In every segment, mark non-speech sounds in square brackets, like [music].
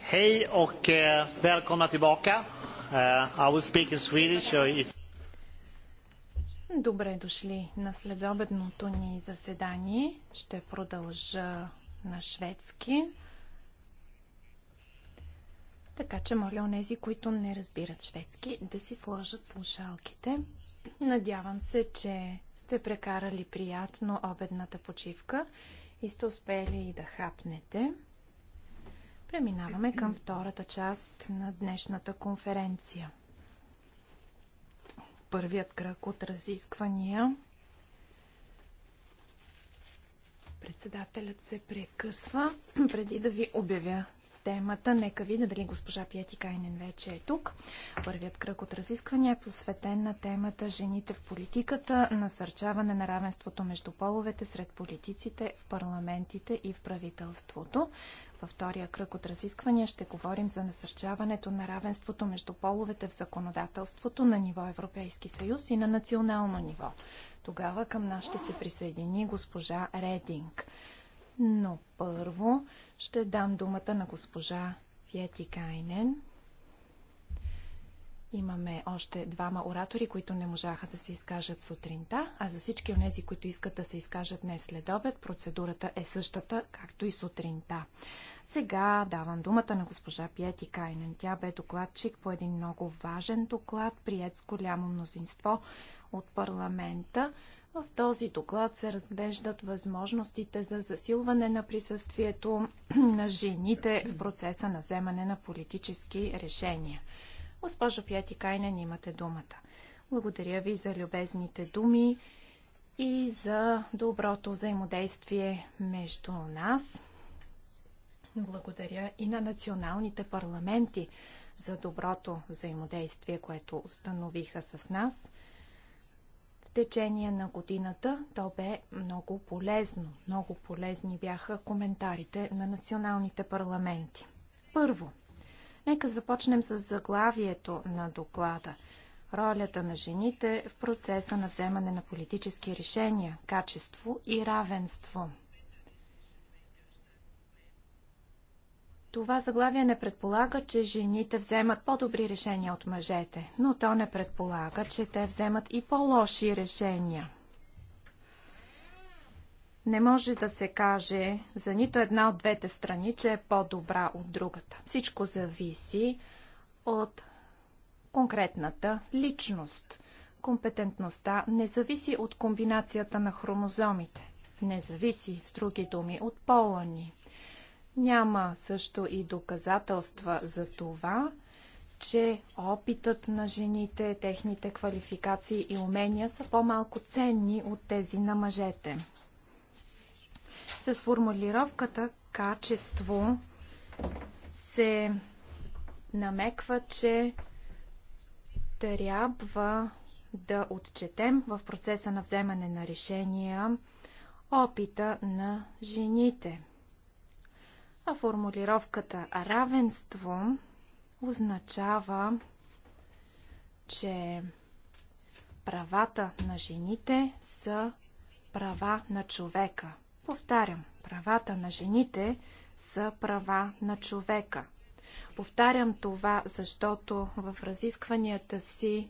Hej och välkomna tillbaka. I will speak in Swedish. so if Добре дошли на следобедното ни заседание. Ще продължа на шведски. Така че моля онези, които не разбират шведски, да си сложат слушалките. Надявам се, че сте прекарали приятно обедната почивка и сте успели и да хапнете. Преминаваме към втората част на днешната конференция първият кръг от разисквания. Председателят се прекъсва. [clears throat] Преди да ви обявя темата, нека видя дали госпожа Пияти Кайнен вече е тук. Първият кръг от разисквания е посветен на темата Жените в политиката, насърчаване на равенството между половете сред политиците, в парламентите и в правителството. Във втория кръг от разисквания ще говорим за насърчаването на равенството между половете в законодателството на ниво Европейски съюз и на национално ниво. Тогава към нас ще се присъедини госпожа Рединг. Но първо ще дам думата на госпожа Фиети Кайнен, Имаме още двама оратори, които не можаха да се изкажат сутринта, а за всички от тези, които искат да се изкажат днес след обед, процедурата е същата, както и сутринта. Сега давам думата на госпожа Пиети Кайнен. Тя бе докладчик по един много важен доклад, прият с голямо мнозинство от парламента. В този доклад се разглеждат възможностите за засилване на присъствието [clears throat] на жените в процеса на вземане на политически решения. Госпожо Пяти, Пиатикайнен, имате думата. Благодаря ви за любезните думи и за доброто взаимодействие между нас. Благодаря и на националните парламенти за доброто взаимодействие, което установиха с нас. В течение на годината то бе много полезно. Много полезни бяха коментарите на националните парламенти. Първо, Нека започнем с заглавието на доклада. Ролята на жените в процеса на вземане на политически решения, качество и равенство. Това заглавие не предполага, че жените вземат по-добри решения от мъжете, но то не предполага, че те вземат и по-лоши решения. Не може да се каже за нито една от двете страни, че е по-добра от другата. Всичко зависи от конкретната личност. Компетентността не зависи от комбинацията на хромозомите. Не зависи, с други думи, от пола ни. Няма също и доказателства за това, че опитът на жените, техните квалификации и умения са по-малко ценни от тези на мъжете с формулировката качество се намеква, че трябва да отчетем в процеса на вземане на решения опита на жените. А формулировката равенство означава, че правата на жените са права на човека – Повтарям, правата на жените са права на човека. Повтарям това, защото в разискванията си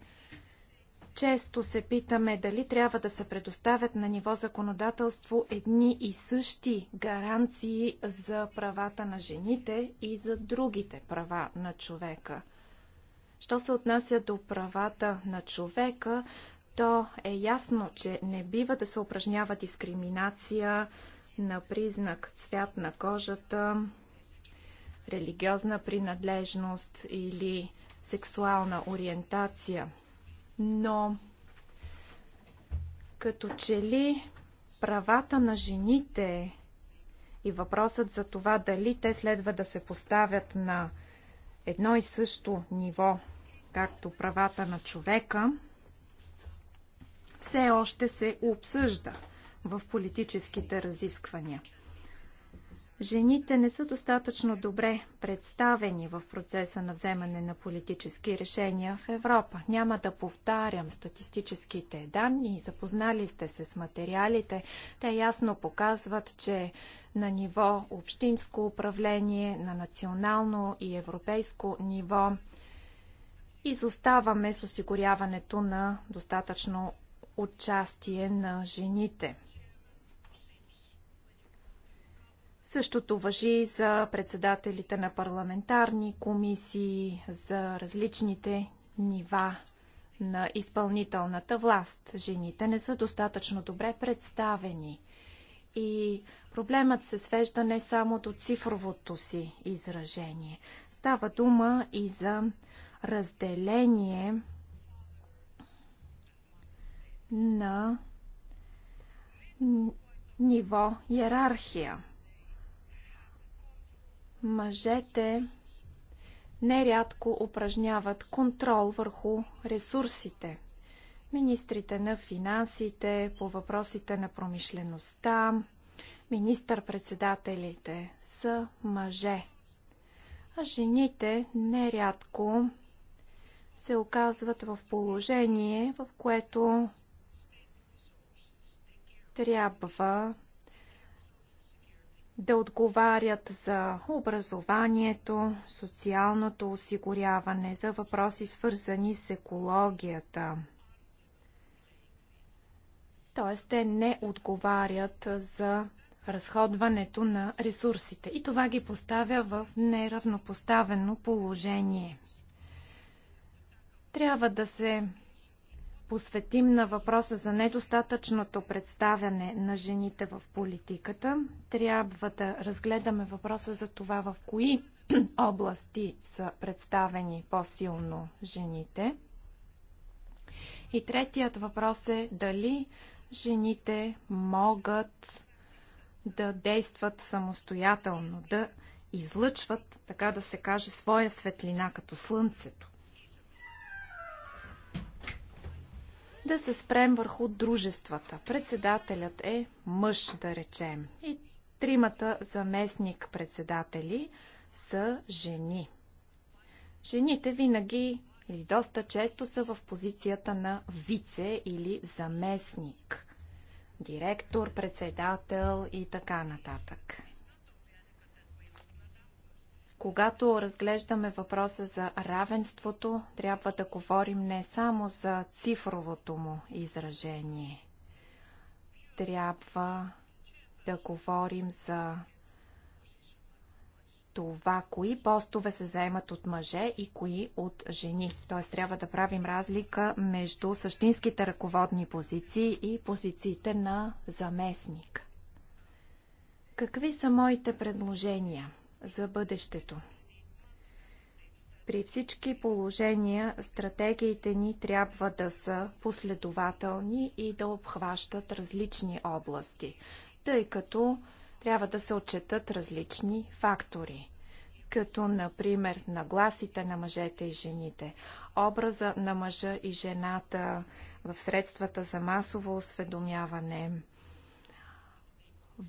често се питаме дали трябва да се предоставят на ниво законодателство едни и същи гаранции за правата на жените и за другите права на човека. Що се отнася до правата на човека, то е ясно, че не бива да се упражнява дискриминация, на признак цвят на кожата, религиозна принадлежност или сексуална ориентация. Но като че ли правата на жените и въпросът за това дали те следва да се поставят на едно и също ниво, както правата на човека, все още се обсъжда в политическите разисквания. Жените не са достатъчно добре представени в процеса на вземане на политически решения в Европа. Няма да повтарям статистическите данни, запознали сте се с материалите. Те ясно показват, че на ниво общинско управление, на национално и европейско ниво изоставаме с осигуряването на достатъчно участие на жените. Същото въжи и за председателите на парламентарни комисии, за различните нива на изпълнителната власт. Жените не са достатъчно добре представени. И проблемът се свежда не само до цифровото си изражение. Става дума и за разделение на ниво иерархия. Мъжете нерядко упражняват контрол върху ресурсите. Министрите на финансите, по въпросите на промишлеността, министър-председателите са мъже. А жените нерядко се оказват в положение, в което трябва да отговарят за образованието, социалното осигуряване, за въпроси свързани с екологията. Тоест, те не отговарят за разходването на ресурсите и това ги поставя в неравнопоставено положение. Трябва да се посветим на въпроса за недостатъчното представяне на жените в политиката. Трябва да разгледаме въпроса за това в кои [clears throat] области са представени по-силно жените. И третият въпрос е дали жените могат да действат самостоятелно, да излъчват, така да се каже, своя светлина като слънцето. да се спрем върху дружествата. Председателят е мъж, да речем, и тримата заместник-председатели са жени. Жените винаги или доста често са в позицията на вице или заместник, директор, председател и така нататък. Когато разглеждаме въпроса за равенството, трябва да говорим не само за цифровото му изражение. Трябва да говорим за това, кои постове се заемат от мъже и кои от жени. Т.е. трябва да правим разлика между същинските ръководни позиции и позициите на заместник. Какви са моите предложения? за бъдещето. При всички положения стратегиите ни трябва да са последователни и да обхващат различни области, тъй като трябва да се отчетат различни фактори като например нагласите на мъжете и жените, образа на мъжа и жената в средствата за масово осведомяване,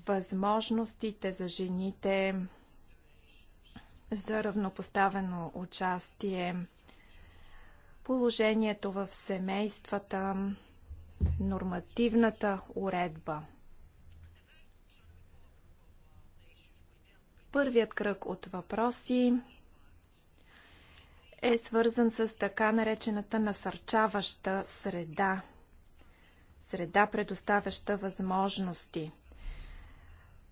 възможностите за жените за равнопоставено участие, положението в семействата, нормативната уредба. Първият кръг от въпроси е свързан с така наречената насърчаваща среда. Среда, предоставяща възможности.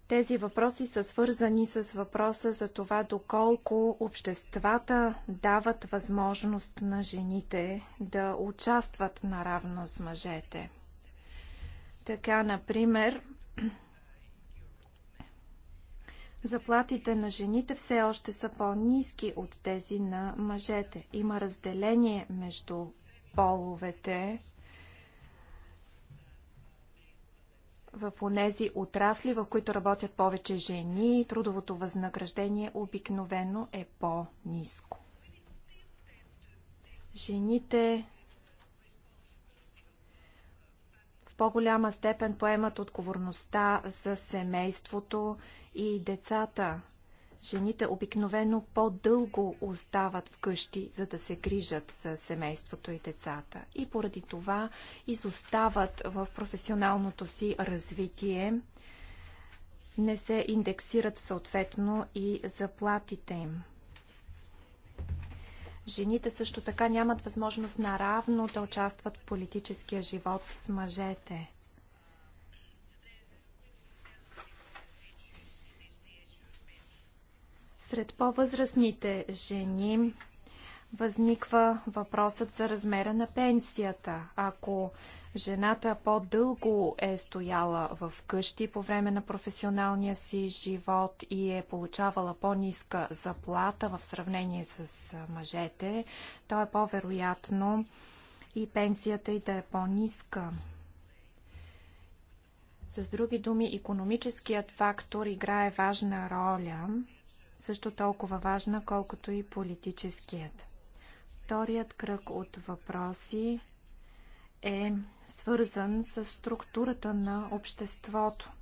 Тези въпроси са свързани с въпроса за това доколко обществата дават възможност на жените да участват наравно с мъжете. Така, например, заплатите на жените все още са по-низки от тези на мъжете. Има разделение между половете в онези отрасли, в които работят повече жени, трудовото възнаграждение обикновено е по-низко. Жените в по-голяма степен поемат отговорността за семейството и децата жените обикновено по-дълго остават вкъщи, за да се грижат за семейството и децата. И поради това изостават в професионалното си развитие, не се индексират съответно и заплатите им. Жените също така нямат възможност наравно да участват в политическия живот с мъжете. Сред по-възрастните жени възниква въпросът за размера на пенсията. Ако жената по-дълго е стояла в къщи по време на професионалния си живот и е получавала по-ниска заплата в сравнение с мъжете, то е по-вероятно и пенсията и да е по-ниска. С други думи, економическият фактор играе важна роля – също толкова важна, колкото и политическият. Вторият кръг от въпроси е свързан с структурата на обществото,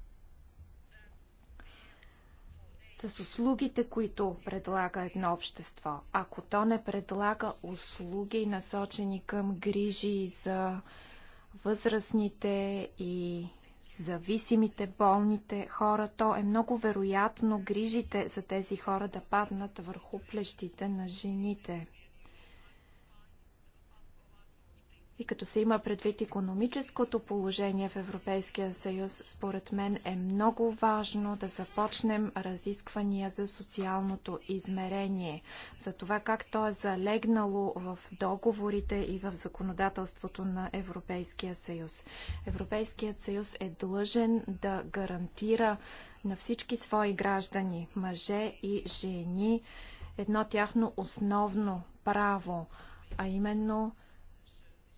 с услугите, които предлага едно общество. Ако то не предлага услуги, насочени към грижи за възрастните и зависимите, болните хора, то е много вероятно грижите за тези хора да паднат върху плещите на жените. И като се има предвид економическото положение в Европейския съюз, според мен е много важно да започнем разисквания за социалното измерение, за това как то е залегнало в договорите и в законодателството на Европейския съюз. Европейският съюз е длъжен да гарантира на всички свои граждани, мъже и жени, едно тяхно основно право, а именно –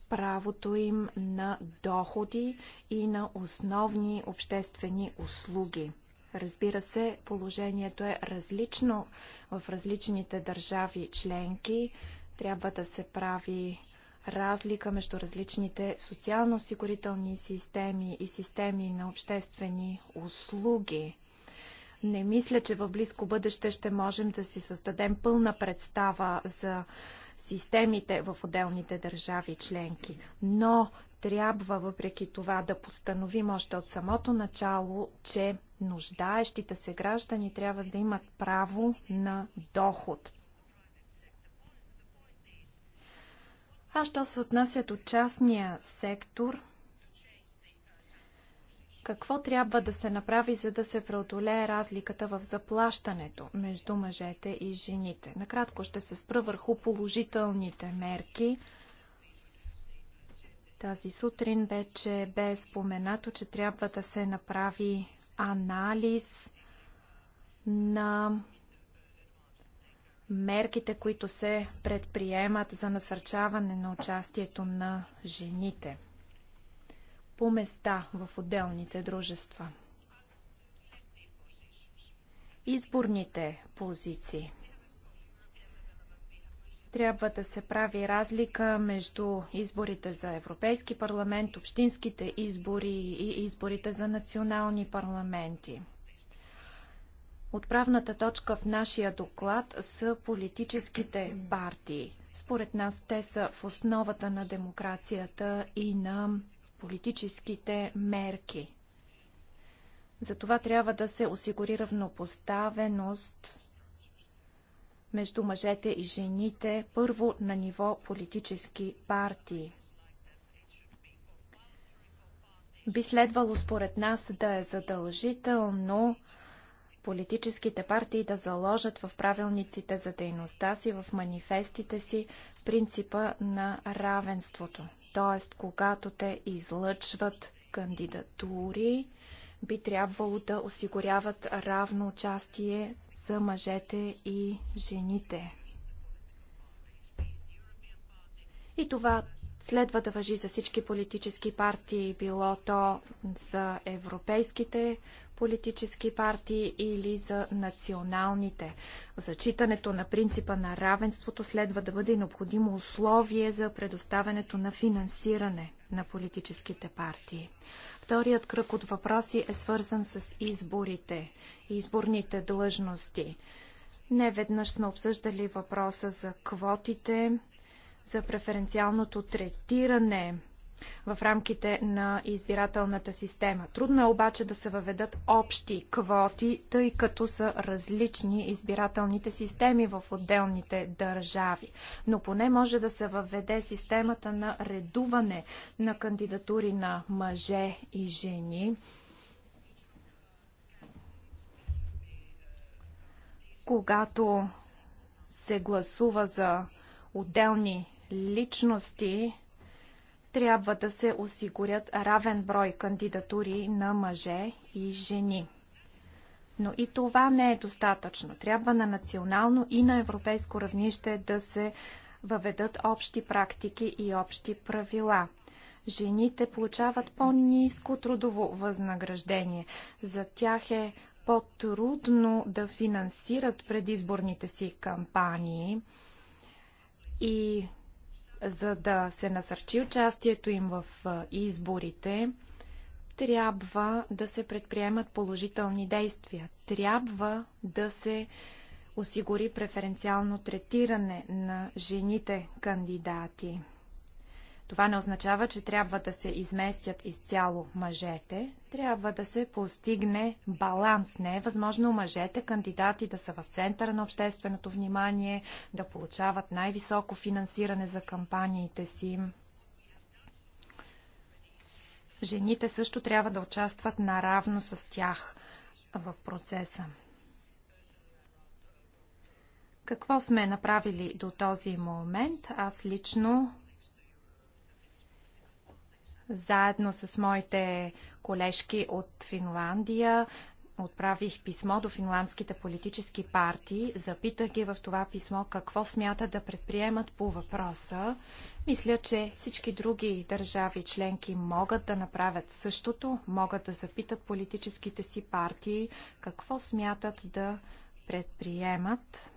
правото им на доходи и на основни обществени услуги. Разбира се, положението е различно в различните държави членки. Трябва да се прави разлика между различните социално-осигурителни системи и системи на обществени услуги. Не мисля, че в близко бъдеще ще можем да си създадем пълна представа за системите в отделните държави членки. Но трябва въпреки това да постановим още от самото начало, че нуждаещите се граждани трябва да имат право на доход. А що се отнася до частния сектор – какво трябва да се направи, за да се преодолее разликата в заплащането между мъжете и жените? Накратко ще се спра върху положителните мерки. Тази сутрин вече бе споменато, че трябва да се направи анализ на мерките, които се предприемат за насърчаване на участието на жените – по места в отделните дружества. Изборните позиции. Трябва да се прави разлика между изборите за Европейски парламент, общинските избори и изборите за национални парламенти. Отправната точка в нашия доклад са политическите партии. Според нас те са в основата на демокрацията и на политическите мерки. Затова трябва да се осигури равнопоставеност между мъжете и жените, първо на ниво политически партии. Би следвало според нас да е задължително политическите партии да заложат в правилниците за дейността си, в манифестите си, принципа на равенството. Т.е. когато те излъчват кандидатури, би трябвало да осигуряват равно участие за мъжете и жените. И това следва да въжи за всички политически партии, било то за европейските политически партии или за националните. Зачитането на принципа на равенството следва да бъде необходимо условие за предоставянето на финансиране на политическите партии. Вторият кръг от въпроси е свързан с изборите и изборните длъжности. Не веднъж сме обсъждали въпроса за квотите, за преференциалното третиране в рамките на избирателната система. Трудно е обаче да се въведат общи квоти, тъй като са различни избирателните системи в отделните държави. Но поне може да се въведе системата на редуване на кандидатури на мъже и жени. Когато се гласува за отделни личности трябва да се осигурят равен брой кандидатури на мъже и жени. Но и това не е достатъчно. Трябва на национално и на европейско равнище да се въведат общи практики и общи правила. Жените получават по-низко трудово възнаграждение. За тях е по-трудно да финансират предизборните си кампании и за да се насърчи участието им в изборите, трябва да се предприемат положителни действия. Трябва да се осигури преференциално третиране на жените кандидати. Това не означава, че трябва да се изместят изцяло мъжете. Трябва да се постигне баланс. Не е възможно мъжете кандидати да са в центъра на общественото внимание, да получават най-високо финансиране за кампаниите си. Жените също трябва да участват наравно с тях в процеса. Какво сме направили до този момент? Аз лично заедно с моите колежки от Финландия отправих писмо до финландските политически партии. Запитах ги в това писмо какво смятат да предприемат по въпроса. Мисля, че всички други държави членки могат да направят същото, могат да запитат политическите си партии какво смятат да предприемат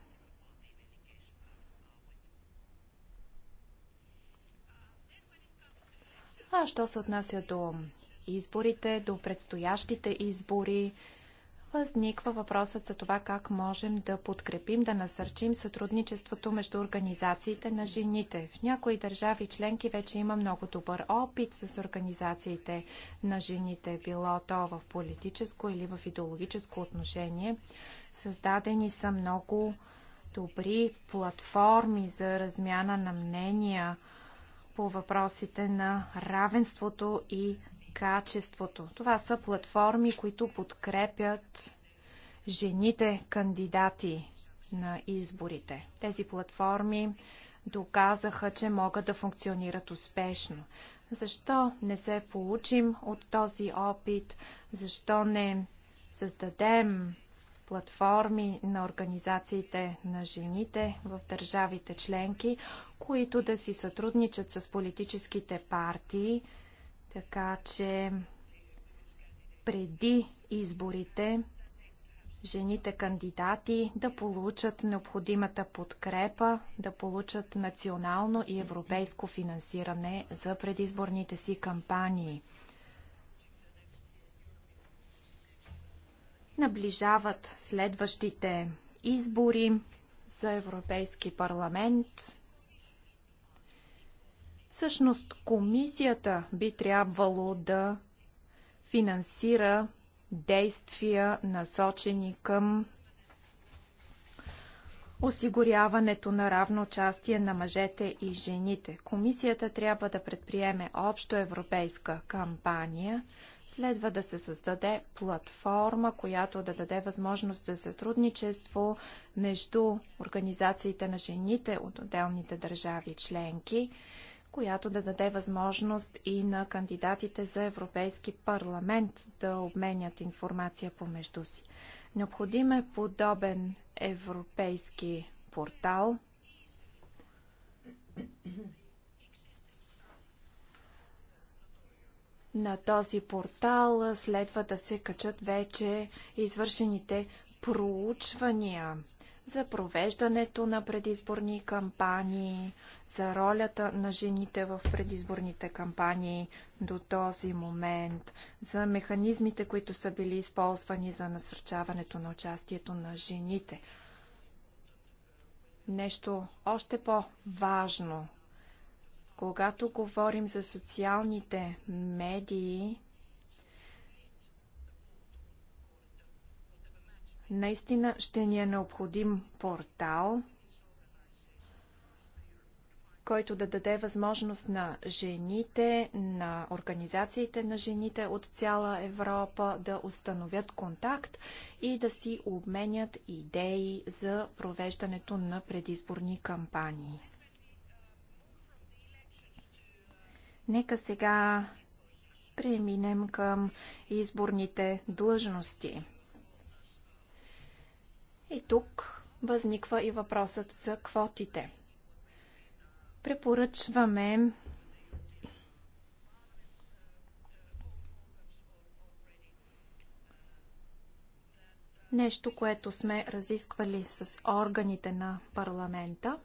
А що се отнася до изборите, до предстоящите избори, възниква въпросът за това как можем да подкрепим, да насърчим сътрудничеството между организациите на жените. В някои държави членки вече има много добър опит с организациите на жените, било то в политическо или в идеологическо отношение. Създадени са много добри платформи за размяна на мнения, по въпросите на равенството и качеството. Това са платформи, които подкрепят жените кандидати на изборите. Тези платформи доказаха, че могат да функционират успешно. Защо не се получим от този опит? Защо не създадем платформи на организациите на жените в държавите членки, които да си сътрудничат с политическите партии, така че преди изборите жените кандидати да получат необходимата подкрепа, да получат национално и европейско финансиране за предизборните си кампании. Наближават следващите избори за Европейски парламент. Всъщност комисията би трябвало да финансира действия насочени към осигуряването на равно участие на мъжете и жените. Комисията трябва да предприеме общо европейска кампания – Следва да се създаде платформа, която да даде възможност за сътрудничество между организациите на жените от отделните държави членки, която да даде възможност и на кандидатите за Европейски парламент да обменят информация помежду си. Необходим е подобен европейски портал, на този портал следва да се качат вече извършените проучвания за провеждането на предизборни кампании, за ролята на жените в предизборните кампании до този момент, за механизмите, които са били използвани за насърчаването на участието на жените. Нещо още по-важно когато говорим за социалните медии, наистина ще ни е необходим портал, който да даде възможност на жените, на организациите на жените от цяла Европа да установят контакт и да си обменят идеи за провеждането на предизборни кампании. Нека сега преминем към изборните длъжности. И тук възниква и въпросът за квотите. Препоръчваме нещо, което сме разисквали с органите на парламента,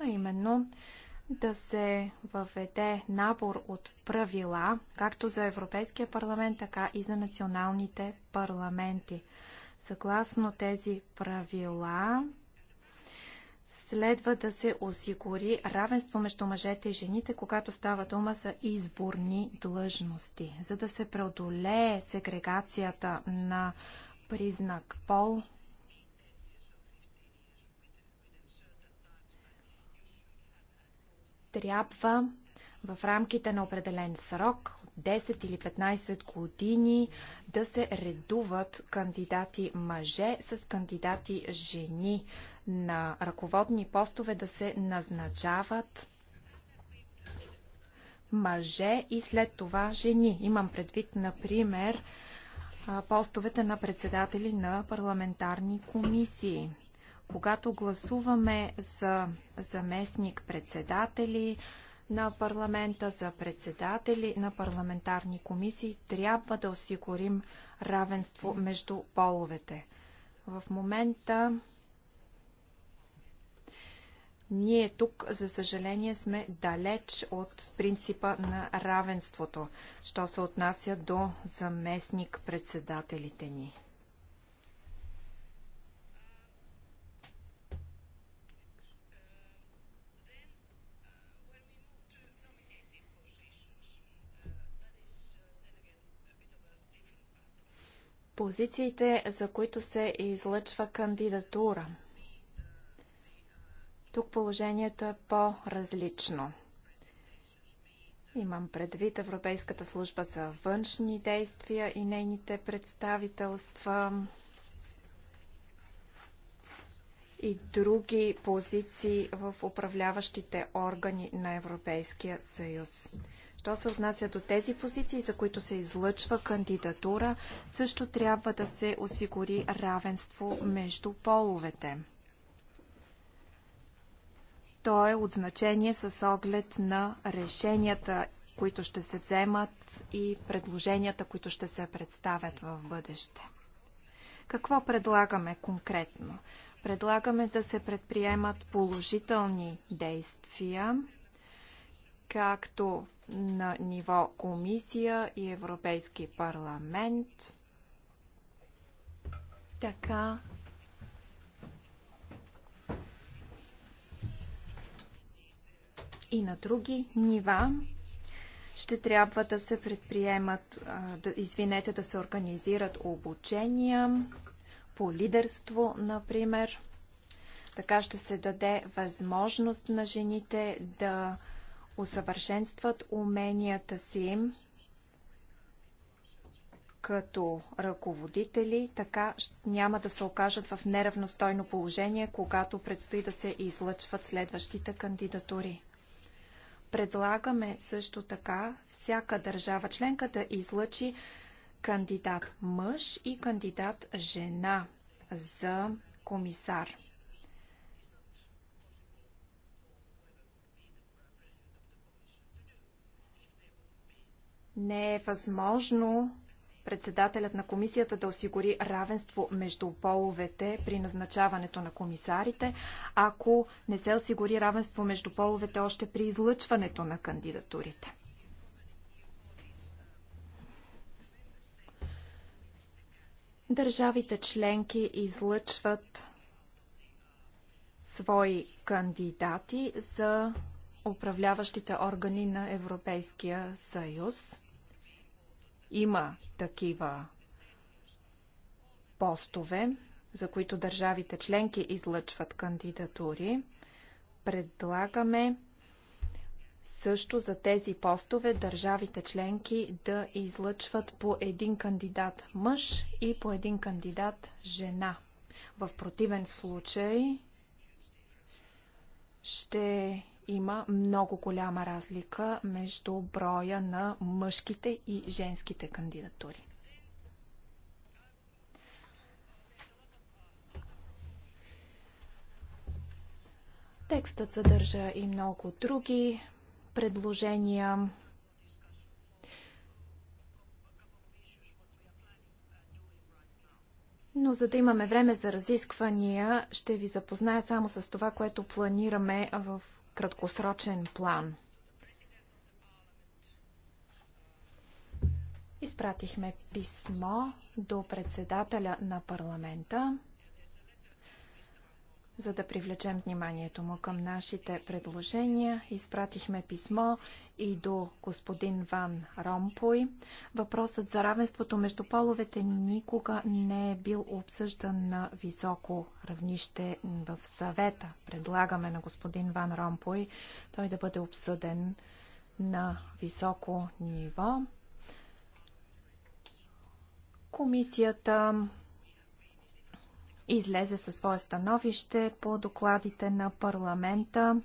а именно да се въведе набор от правила, както за Европейския парламент, така и за националните парламенти. Съгласно тези правила, следва да се осигури равенство между мъжете и жените, когато става дума за изборни длъжности. За да се преодолее сегрегацията на признак пол, трябва в рамките на определен срок, 10 или 15 години, да се редуват кандидати мъже с кандидати жени. На ръководни постове да се назначават мъже и след това жени. Имам предвид, например, постовете на председатели на парламентарни комисии. Когато гласуваме за заместник-председатели на парламента, за председатели на парламентарни комисии, трябва да осигурим равенство между половете. В момента ние тук, за съжаление, сме далеч от принципа на равенството, що се отнася до заместник-председателите ни. позициите, за които се излъчва кандидатура. Тук положението е по-различно. Имам предвид Европейската служба за външни действия и нейните представителства и други позиции в управляващите органи на Европейския съюз. Що се отнася до тези позиции, за които се излъчва кандидатура, също трябва да се осигури равенство между половете. То е от значение с оглед на решенията, които ще се вземат и предложенията, които ще се представят в бъдеще. Какво предлагаме конкретно? Предлагаме да се предприемат положителни действия както на ниво комисия и Европейски парламент, така и на други нива ще трябва да се предприемат, да, извинете, да се организират обучения по лидерство, например. Така ще се даде възможност на жените да усъвършенстват уменията си като ръководители, така няма да се окажат в неравностойно положение, когато предстои да се излъчват следващите кандидатури. Предлагаме също така всяка държава членка да излъчи кандидат мъж и кандидат жена за комисар. не е възможно председателят на комисията да осигури равенство между половете при назначаването на комисарите, ако не се осигури равенство между половете още при излъчването на кандидатурите. Държавите членки излъчват свои кандидати за управляващите органи на Европейския съюз. Има такива постове, за които държавите членки излъчват кандидатури. Предлагаме също за тези постове държавите членки да излъчват по един кандидат мъж и по един кандидат жена. В противен случай ще има много голяма разлика между броя на мъжките и женските кандидатури. Текстът съдържа и много други предложения. Но за да имаме време за разисквания, ще ви запозная само с това, което планираме в краткосрочен план. Изпратихме писмо до председателя на парламента, за да привлечем вниманието му към нашите предложения. Изпратихме писмо и до господин Ван Ромпой. Въпросът за равенството между половете никога не е бил обсъждан на високо равнище в съвета. Предлагаме на господин Ван Ромпой той да бъде обсъден на високо ниво. Комисията излезе със свое становище по докладите на парламента.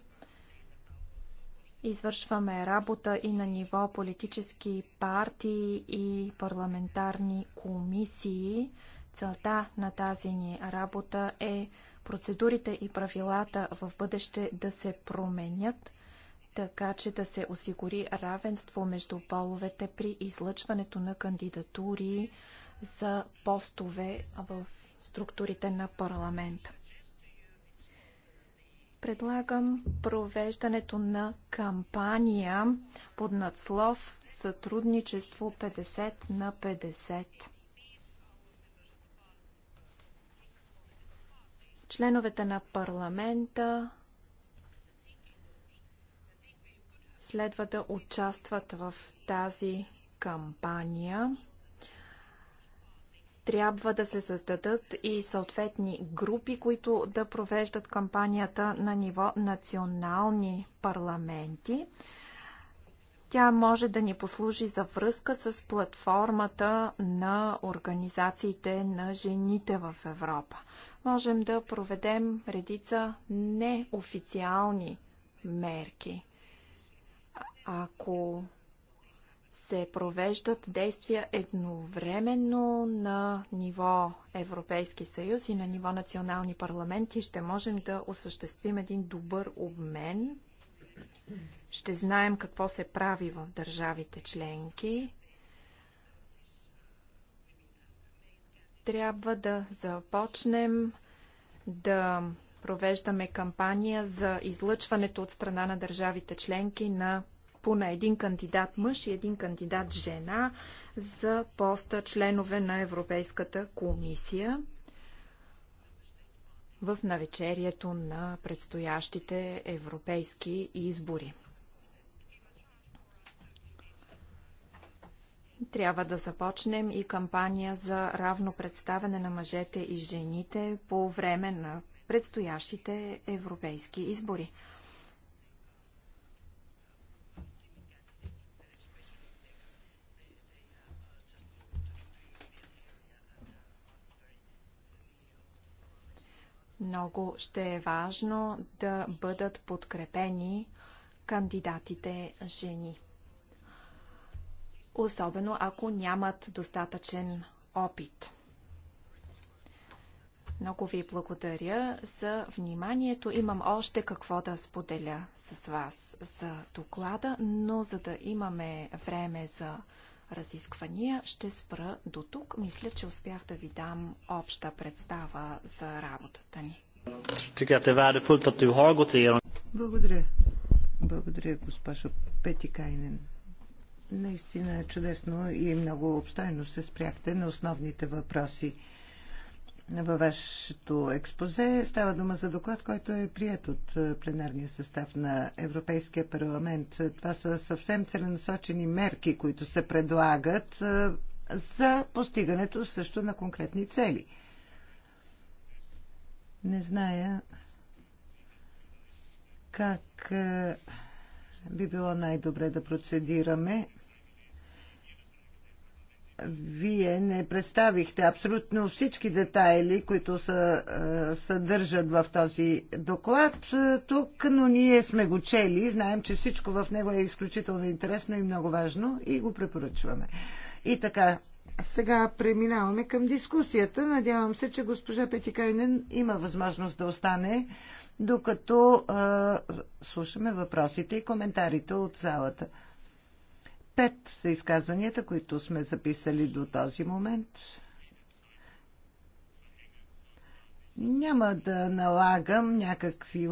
Извършваме работа и на ниво политически партии и парламентарни комисии. Целта на тази ни работа е процедурите и правилата в бъдеще да се променят, така че да се осигури равенство между половете при излъчването на кандидатури за постове в структурите на парламента. Предлагам провеждането на кампания под надслов Сътрудничество 50 на 50. Членовете на парламента следва да участват в тази кампания трябва да се създадат и съответни групи, които да провеждат кампанията на ниво национални парламенти. Тя може да ни послужи за връзка с платформата на организациите на жените в Европа. Можем да проведем редица неофициални мерки. Ако се провеждат действия едновременно на ниво Европейски съюз и на ниво национални парламенти, ще можем да осъществим един добър обмен. Ще знаем какво се прави в държавите членки. Трябва да започнем да провеждаме кампания за излъчването от страна на държавите членки на поне един кандидат мъж и един кандидат жена за поста членове на Европейската комисия в навечерието на предстоящите европейски избори. Трябва да започнем и кампания за равно представяне на мъжете и жените по време на предстоящите европейски избори. Много ще е важно да бъдат подкрепени кандидатите жени. Особено ако нямат достатъчен опит. Много ви благодаря за вниманието. Имам още какво да споделя с вас за доклада, но за да имаме време за разисквания. Ще спра до тук. Мисля, че успях да ви дам обща представа за работата ни. Благодаря. Благодаря, госпожо Петикайнен. Наистина е чудесно и много обстойно се спряхте на основните въпроси във вашето експозе става дума за доклад, който е прият от пленарния състав на Европейския парламент. Това са съвсем целенасочени мерки, които се предлагат за постигането също на конкретни цели. Не зная как би било най-добре да процедираме вие не представихте абсолютно всички детайли, които са, е, съдържат в този доклад е, тук, но ние сме го чели и знаем, че всичко в него е изключително интересно и много важно и го препоръчваме. И така, сега преминаваме към дискусията. Надявам се, че госпожа Петикайнен има възможност да остане, докато е, слушаме въпросите и коментарите от залата. Пет са изказванията, които сме записали до този момент. Няма да налагам някакви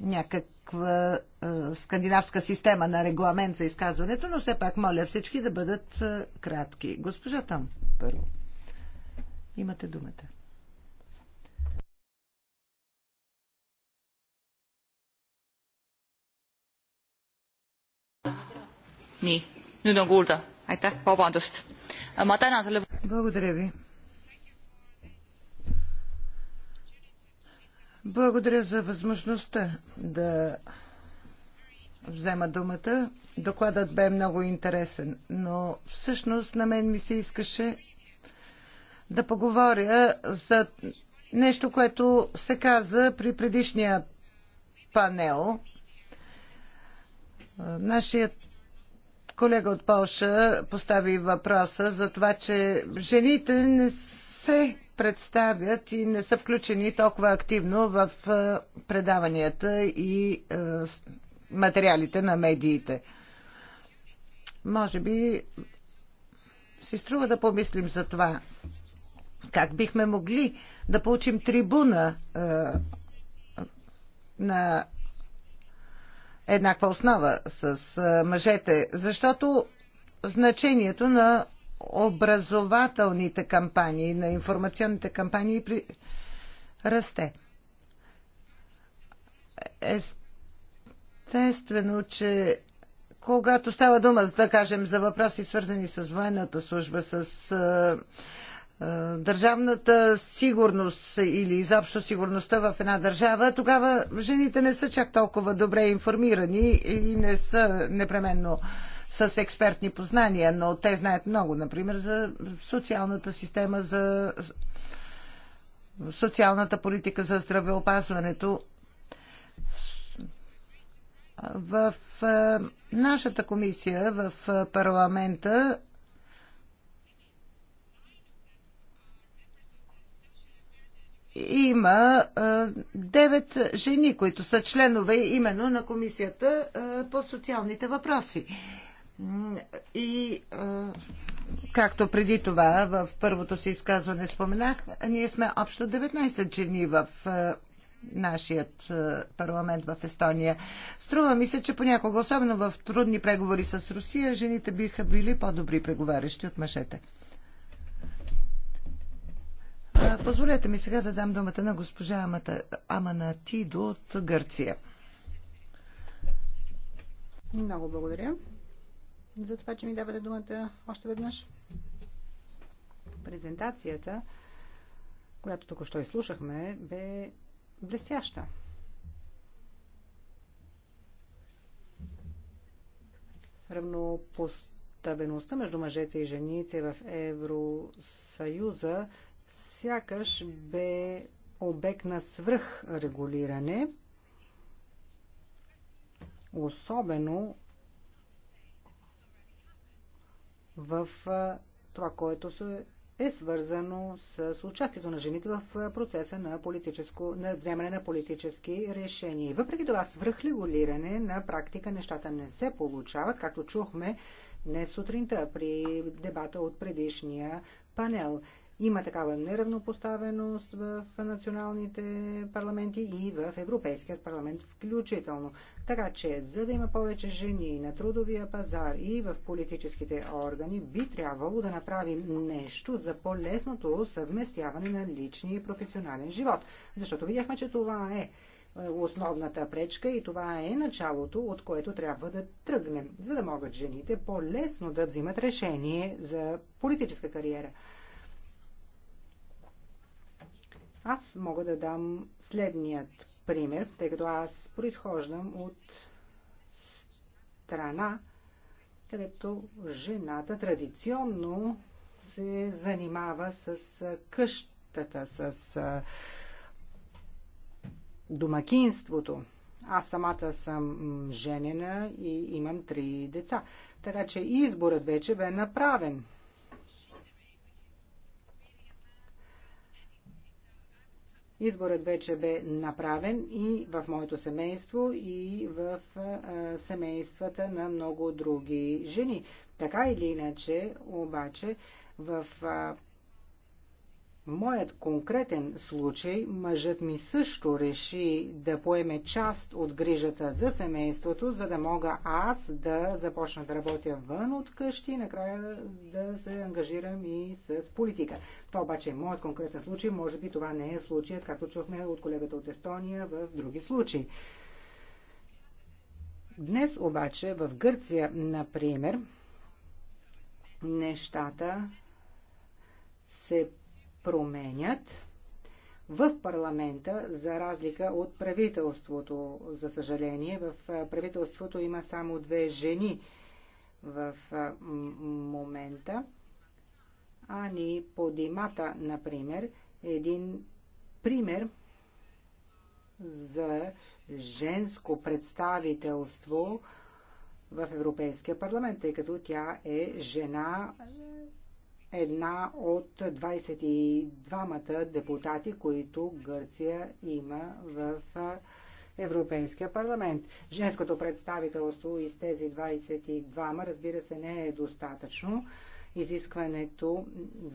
някаква е, скандинавска система на регламент за изказването, но все пак моля всички да бъдат е, кратки. Госпожа Там, първо. Имате думата. Благодаря ви. Благодаря за възможността да взема думата. Докладът бе много интересен, но всъщност на мен ми се искаше да поговоря за нещо, което се каза при предишния панел. Нашият колега от Полша постави въпроса за това, че жените не се представят и не са включени толкова активно в е, предаванията и е, материалите на медиите. Може би си струва да помислим за това. Как бихме могли да получим трибуна е, на еднаква основа с мъжете, защото значението на образователните кампании, на информационните кампании при... расте. Естествено, че когато става дума, да кажем, за въпроси свързани с военната служба, с е, държавната сигурност или изобщо сигурността в една държава, тогава жените не са чак толкова добре информирани и не са непременно с експертни познания, но те знаят много, например, за социалната система, за социалната политика, за здравеопазването. В е, нашата комисия, в е, парламента, има девет жени, които са членове именно на комисията по социалните въпроси. И както преди това в първото си изказване споменах, ние сме общо 19 жени в нашият парламент в Естония. Струва ми се, че понякога, особено в трудни преговори с Русия, жените биха били по-добри преговарящи от мъжете. Позволете ми сега да дам думата на госпожа Амата, Тидо от Гърция. Много благодаря за това, че ми давате думата още веднъж. Презентацията, която току-що изслушахме, бе блестяща. Равнопоставеността между мъжете и жените в Евросъюза сякаш бе обект на свръхрегулиране, особено в това, което се е свързано с участието на жените в процеса на, политическо, на вземане на политически решения. И въпреки това свръхрегулиране на практика нещата не се получават, както чухме днес сутринта при дебата от предишния панел. Има такава неравнопоставеност в националните парламенти и в Европейският парламент включително. Така че, за да има повече жени на трудовия пазар и в политическите органи, би трябвало да направим нещо за по-лесното съвместяване на личния и професионален живот. Защото видяхме, че това е основната пречка и това е началото, от което трябва да тръгнем, за да могат жените по-лесно да взимат решение за политическа кариера. Аз мога да дам следният пример, тъй като аз произхождам от страна, където жената традиционно се занимава с къщата, с домакинството. Аз самата съм женена и имам три деца. Така че изборът вече бе направен. Изборът вече бе направен и в моето семейство, и в семействата на много други жени. Така или иначе, обаче, в моят конкретен случай, мъжът ми също реши да поеме част от грижата за семейството, за да мога аз да започна да работя вън от къщи и накрая да се ангажирам и с политика. Това обаче е моят конкретен случай, може би това не е случаят, както чухме от колегата от Естония в други случаи. Днес обаче в Гърция, например, нещата се променят в парламента, за разлика от правителството. За съжаление, в правителството има само две жени в момента. Ани Подимата, например, е един пример за женско представителство в Европейския парламент, тъй като тя е жена една от 22-мата депутати, които Гърция има в Европейския парламент. Женското представителство из тези 22-ма, разбира се, не е достатъчно. Изискването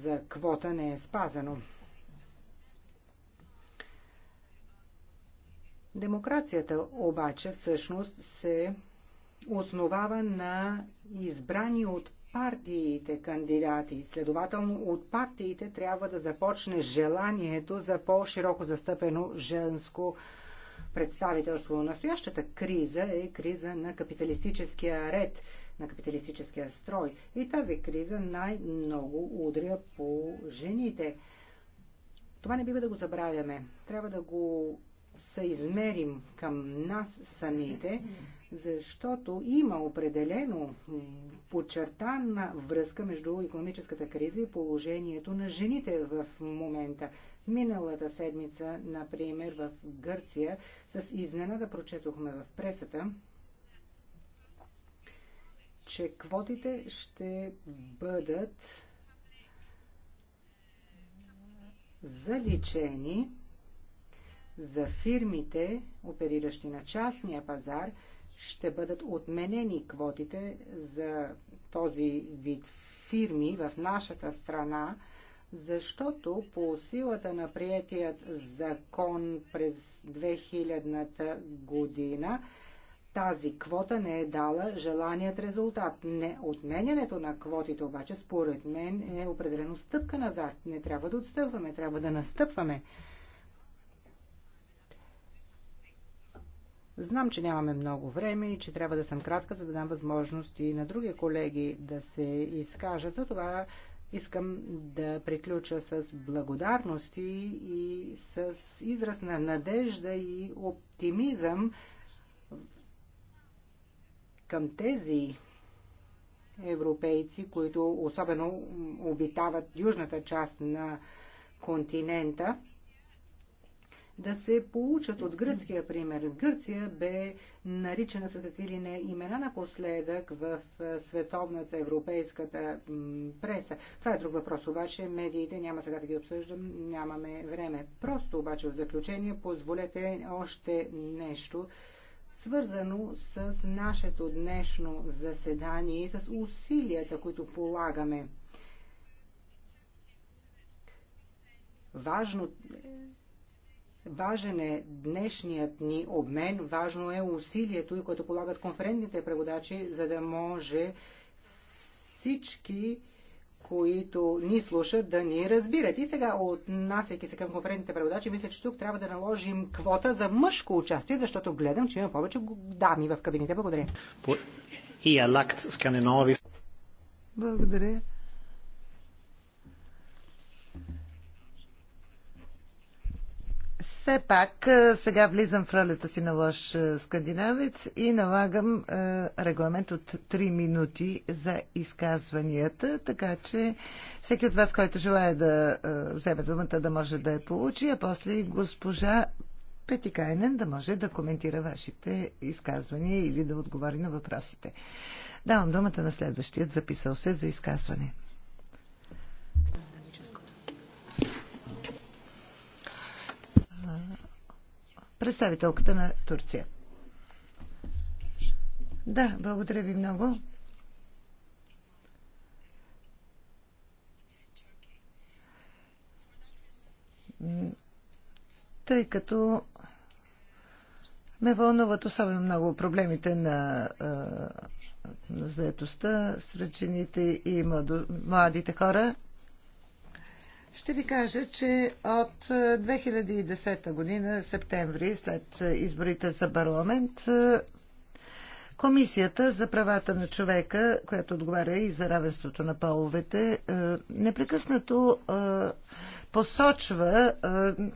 за квота не е спазено. Демокрацията обаче всъщност се основава на избрани от партиите кандидати. Следователно, от партиите трябва да започне желанието за по-широко застъпено женско представителство. Настоящата криза е криза на капиталистическия ред, на капиталистическия строй. И тази криза най-много удря по жените. Това не бива да го забравяме. Трябва да го съизмерим към нас самите, защото има определено подчертана връзка между економическата криза и положението на жените в момента. Миналата седмица, например, в Гърция, с изненада прочетохме в пресата, че квотите ще бъдат заличени за фирмите, опериращи на частния пазар – ще бъдат отменени квотите за този вид фирми в нашата страна, защото по силата на приятият закон през 2000-та година тази квота не е дала желаният резултат. Не отменянето на квотите обаче, според мен, е определено стъпка назад. Не трябва да отстъпваме, трябва да настъпваме. Знам, че нямаме много време и че трябва да съм кратка, за да дам възможност и на други колеги да се изкажат. Затова искам да приключа с благодарности и с израз на надежда и оптимизъм към тези европейци, които особено обитават южната част на континента да се получат от гръцкия пример. Гърция бе наричана с какви ли не имена напоследък в е, световната европейската преса. Това е друг въпрос, обаче медиите няма сега да ги обсъждам, нямаме време. Просто обаче в заключение позволете още нещо свързано с нашето днешно заседание и с усилията, които полагаме. Важно Важен е днешният ни обмен, важно е усилието, което полагат конферентните преводачи, за да може всички, които ни слушат, да ни разбират. И сега, отнасяйки се към конферентните преводачи, мисля, че тук трябва да наложим квота за мъжко участие, защото гледам, че има повече дами в кабините. Благодаря. Благодаря. все пак е, сега влизам в ролята си на лош е, скандинавец и налагам е, регламент от 3 минути за изказванията, така че всеки от вас, който желая да вземе думата, да може да я получи, а после госпожа Петикайнен да може да коментира вашите изказвания или да отговори на въпросите. Давам думата на следващият, записал се за изказване. представителката на Турция. Да, благодаря ви много. Тъй като ме вълнуват особено много проблемите на а, заедостта сред жените и младите хора. Ще ви кажа, че от 2010 е, година, септември, след е, изборите за парламент, е, Комисията за правата на човека, която отговаря и за равенството на половете, непрекъснато посочва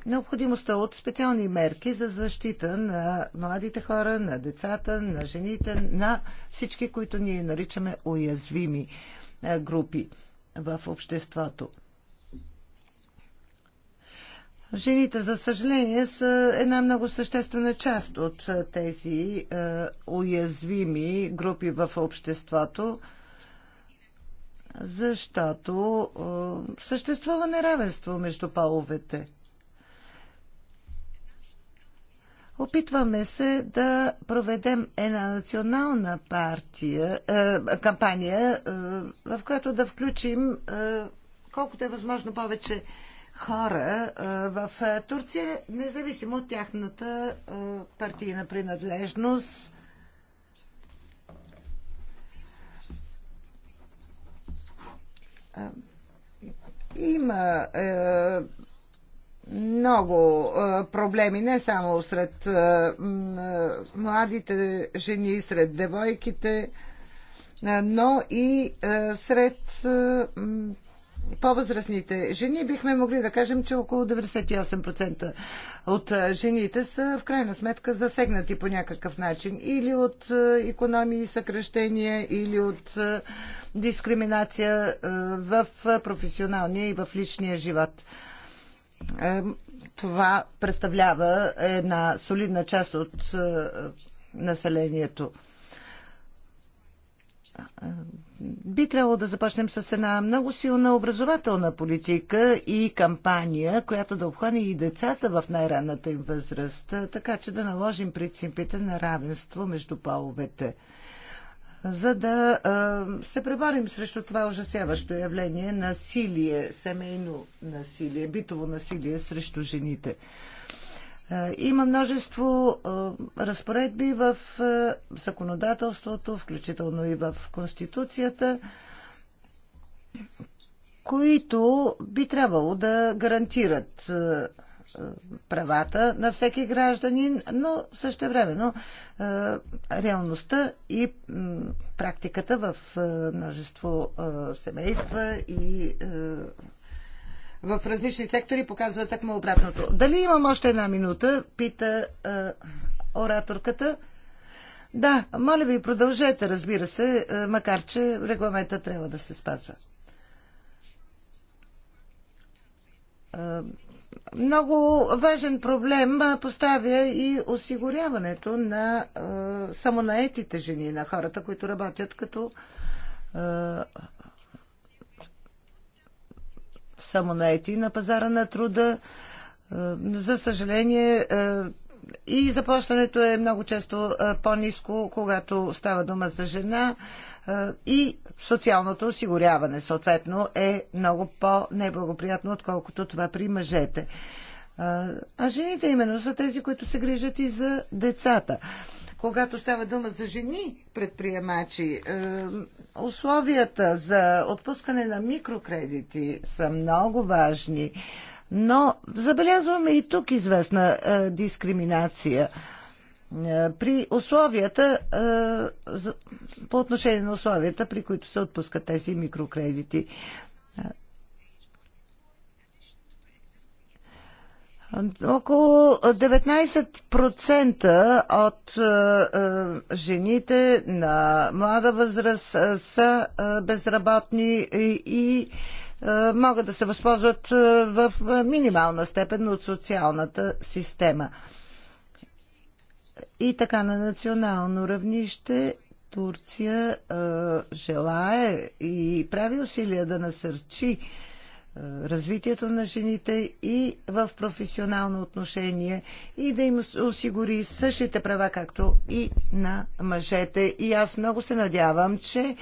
необходимостта от специални мерки за защита на младите хора, на децата, на жените, на всички, които ние наричаме уязвими групи в обществото. Жените, за съжаление, са една много съществена част от е, тези е, уязвими групи в обществото, защото е, съществува неравенство между половете. Опитваме се да проведем една национална партия, е, кампания, е, в която да включим е, колкото е възможно повече хора в Турция, независимо от тяхната партийна принадлежност. Има е, много проблеми, не само сред младите жени, сред девойките, но и сред по-възрастните жени, бихме могли да кажем, че около 98% от жените са в крайна сметка засегнати по някакъв начин. Или от економии, съкрещения, или от дискриминация в професионалния и в личния живот. Това представлява една солидна част от населението би трябвало да започнем с една много силна образователна политика и кампания, която да обхване и децата в най-ранната им възраст, така че да наложим принципите на равенство между половете за да а, се преборим срещу това ужасяващо явление насилие, семейно насилие, битово насилие срещу жените. Е, има множество е, разпоредби в е, законодателството, включително и в Конституцията, които би трябвало да гарантират правата на всеки гражданин, но времено реалността и практиката в множество семейства и в различни сектори показва такма обратното. Дали имам още една минута? Пита а, ораторката. Да, моля ви, продължете, разбира се, а, макар че регламента трябва да се спазва. А, много важен проблем поставя и осигуряването на а, самонаетите жени, на хората, които работят като самонаети на пазара на труда. Е, за съжаление, е, и заплащането е много често е, по-низко, когато става дума за жена и социалното осигуряване, съответно, е много по-неблагоприятно, отколкото това при мъжете. А жените именно са тези, които се грижат и за децата. Когато става дума за жени предприемачи, е, условията за отпускане на микрокредити са много важни, но забелязваме и тук известна е, дискриминация е, при условията, по отношение на условията, при които се отпускат тези микрокредити. Около 19% от е, е, жените на млада възраст е, са е, безработни и могат да се възползват в минимална степен от социалната система. И така на национално равнище Турция е, желае и прави усилия да насърчи е, развитието на жените и в професионално отношение и да им осигури същите права, както и на мъжете. И аз много се надявам, че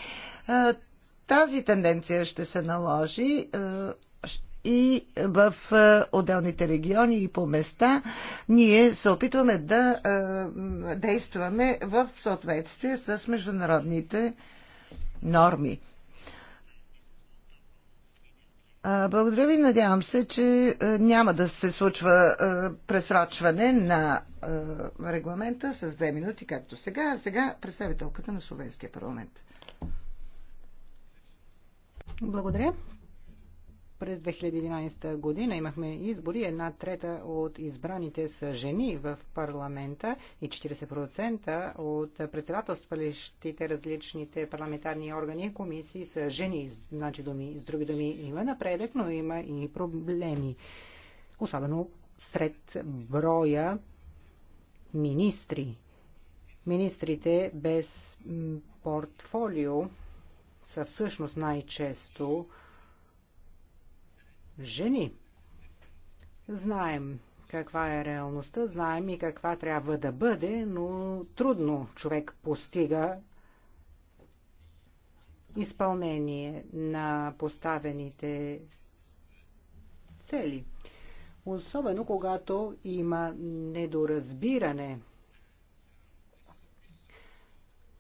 тази тенденция ще се наложи и в отделните региони и по места. Ние се опитваме да действаме в съответствие с международните норми. Благодаря ви. Надявам се, че няма да се случва пресрочване на регламента с две минути, както сега. А сега представителката на Словенския парламент. Благодаря. През 2011 година имахме избори. Една трета от избраните са жени в парламента и 40% от председателстващите различните парламентарни органи и комисии са жени. Значи, думи, с други думи, има напредък, но има и проблеми. Особено сред броя министри. Министрите без портфолио са всъщност най-често жени. Знаем каква е реалността, знаем и каква трябва да бъде, но трудно човек постига изпълнение на поставените цели. Особено когато има недоразбиране,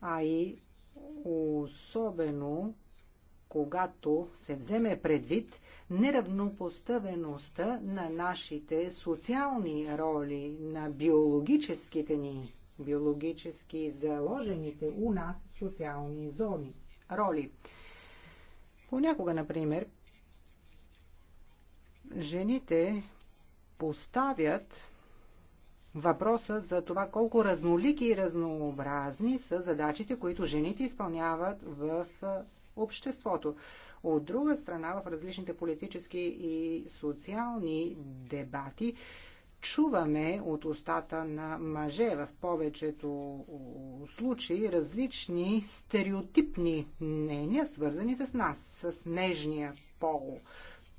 а и особено когато се вземе предвид неравнопоставеността на нашите социални роли, на биологическите ни, биологически заложените у нас социални зони, роли. Понякога, например, жените поставят въпроса за това колко разнолики и разнообразни са задачите, които жените изпълняват в обществото. От друга страна, в различните политически и социални дебати, чуваме от устата на мъже в повечето случаи различни стереотипни мнения, свързани с нас, с нежния пол,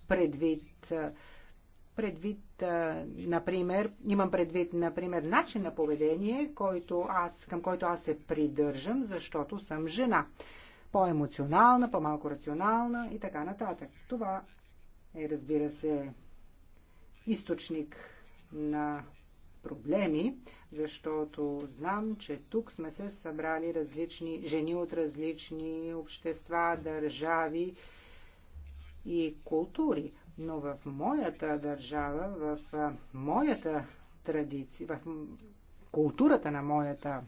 предвид предвид, например, имам предвид, например, начин на поведение, който аз, към който аз се придържам, защото съм жена по-емоционална, по-малко рационална и така нататък. Това е, разбира се, източник на проблеми, защото знам, че тук сме се събрали различни жени от различни общества, държави и култури. Но в моята държава, в моята традиция, в културата на моята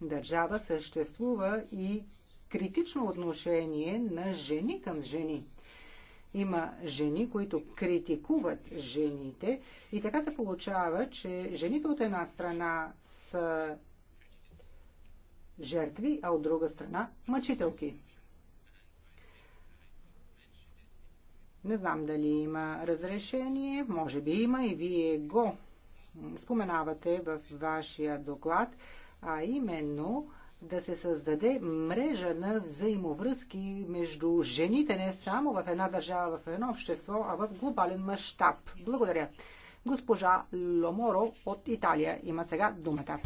държава съществува и критично отношение на жени към жени. Има жени, които критикуват жените и така се получава, че жените от една страна са жертви, а от друга страна мъчителки. Не знам дали има разрешение, може би има и вие го споменавате в вашия доклад, а именно да се създаде мрежа на взаимовръзки между жените не само в една държава, в едно общество, а в глобален мащаб. Благодаря. Госпожа Ломоро от Италия има сега думата.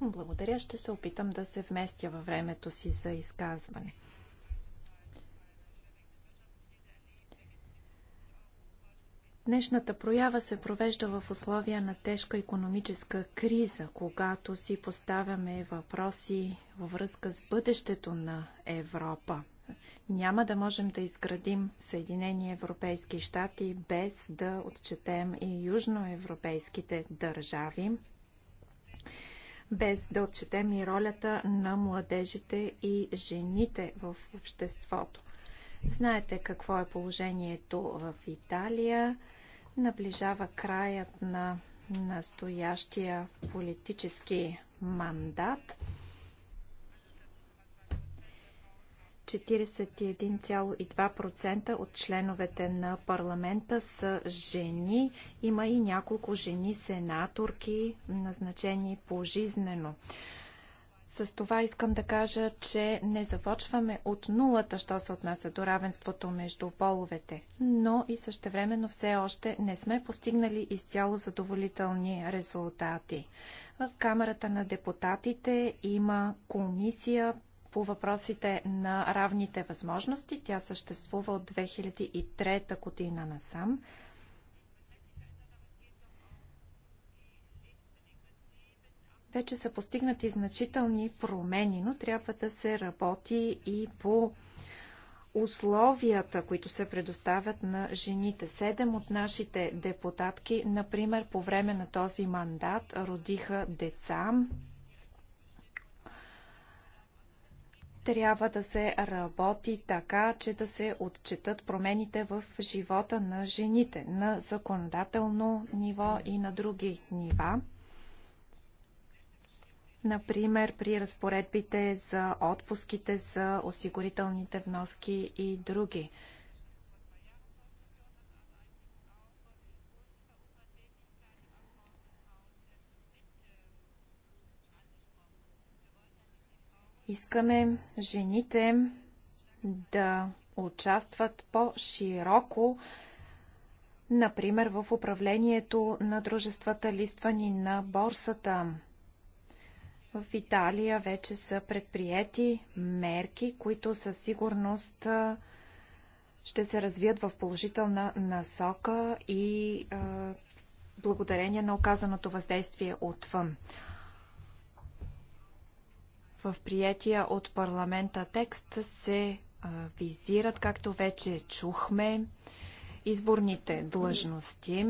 Благодаря, ще се опитам да се вместя във времето си за изказване. Днешната проява се провежда в условия на тежка економическа криза, когато си поставяме въпроси във връзка с бъдещето на Европа. Няма да можем да изградим Съединени Европейски щати без да отчетем и южноевропейските държави, без да отчетем и ролята на младежите и жените в обществото. Знаете какво е положението в Италия. Наближава краят на настоящия политически мандат. 41,2% от членовете на парламента са жени. Има и няколко жени сенаторки, назначени пожизнено. С това искам да кажа, че не започваме от нулата, що се отнася до равенството между половете, но и същевременно все още не сме постигнали изцяло задоволителни резултати. В Камерата на депутатите има комисия по въпросите на равните възможности. Тя съществува от 2003 година насам. Вече са постигнати значителни промени, но трябва да се работи и по условията, които се предоставят на жените. Седем от нашите депутатки, например, по време на този мандат родиха деца. Трябва да се работи така, че да се отчетат промените в живота на жените на законодателно ниво и на други нива например при разпоредбите за отпуските, за осигурителните вноски и други. Искаме жените да участват по-широко например в управлението на дружествата листвани на борсата. В Италия вече са предприети мерки, които със сигурност ще се развият в положителна насока и е, благодарение на оказаното въздействие отвън. В приятия от парламента текст се е, визират, както вече чухме, изборните длъжности,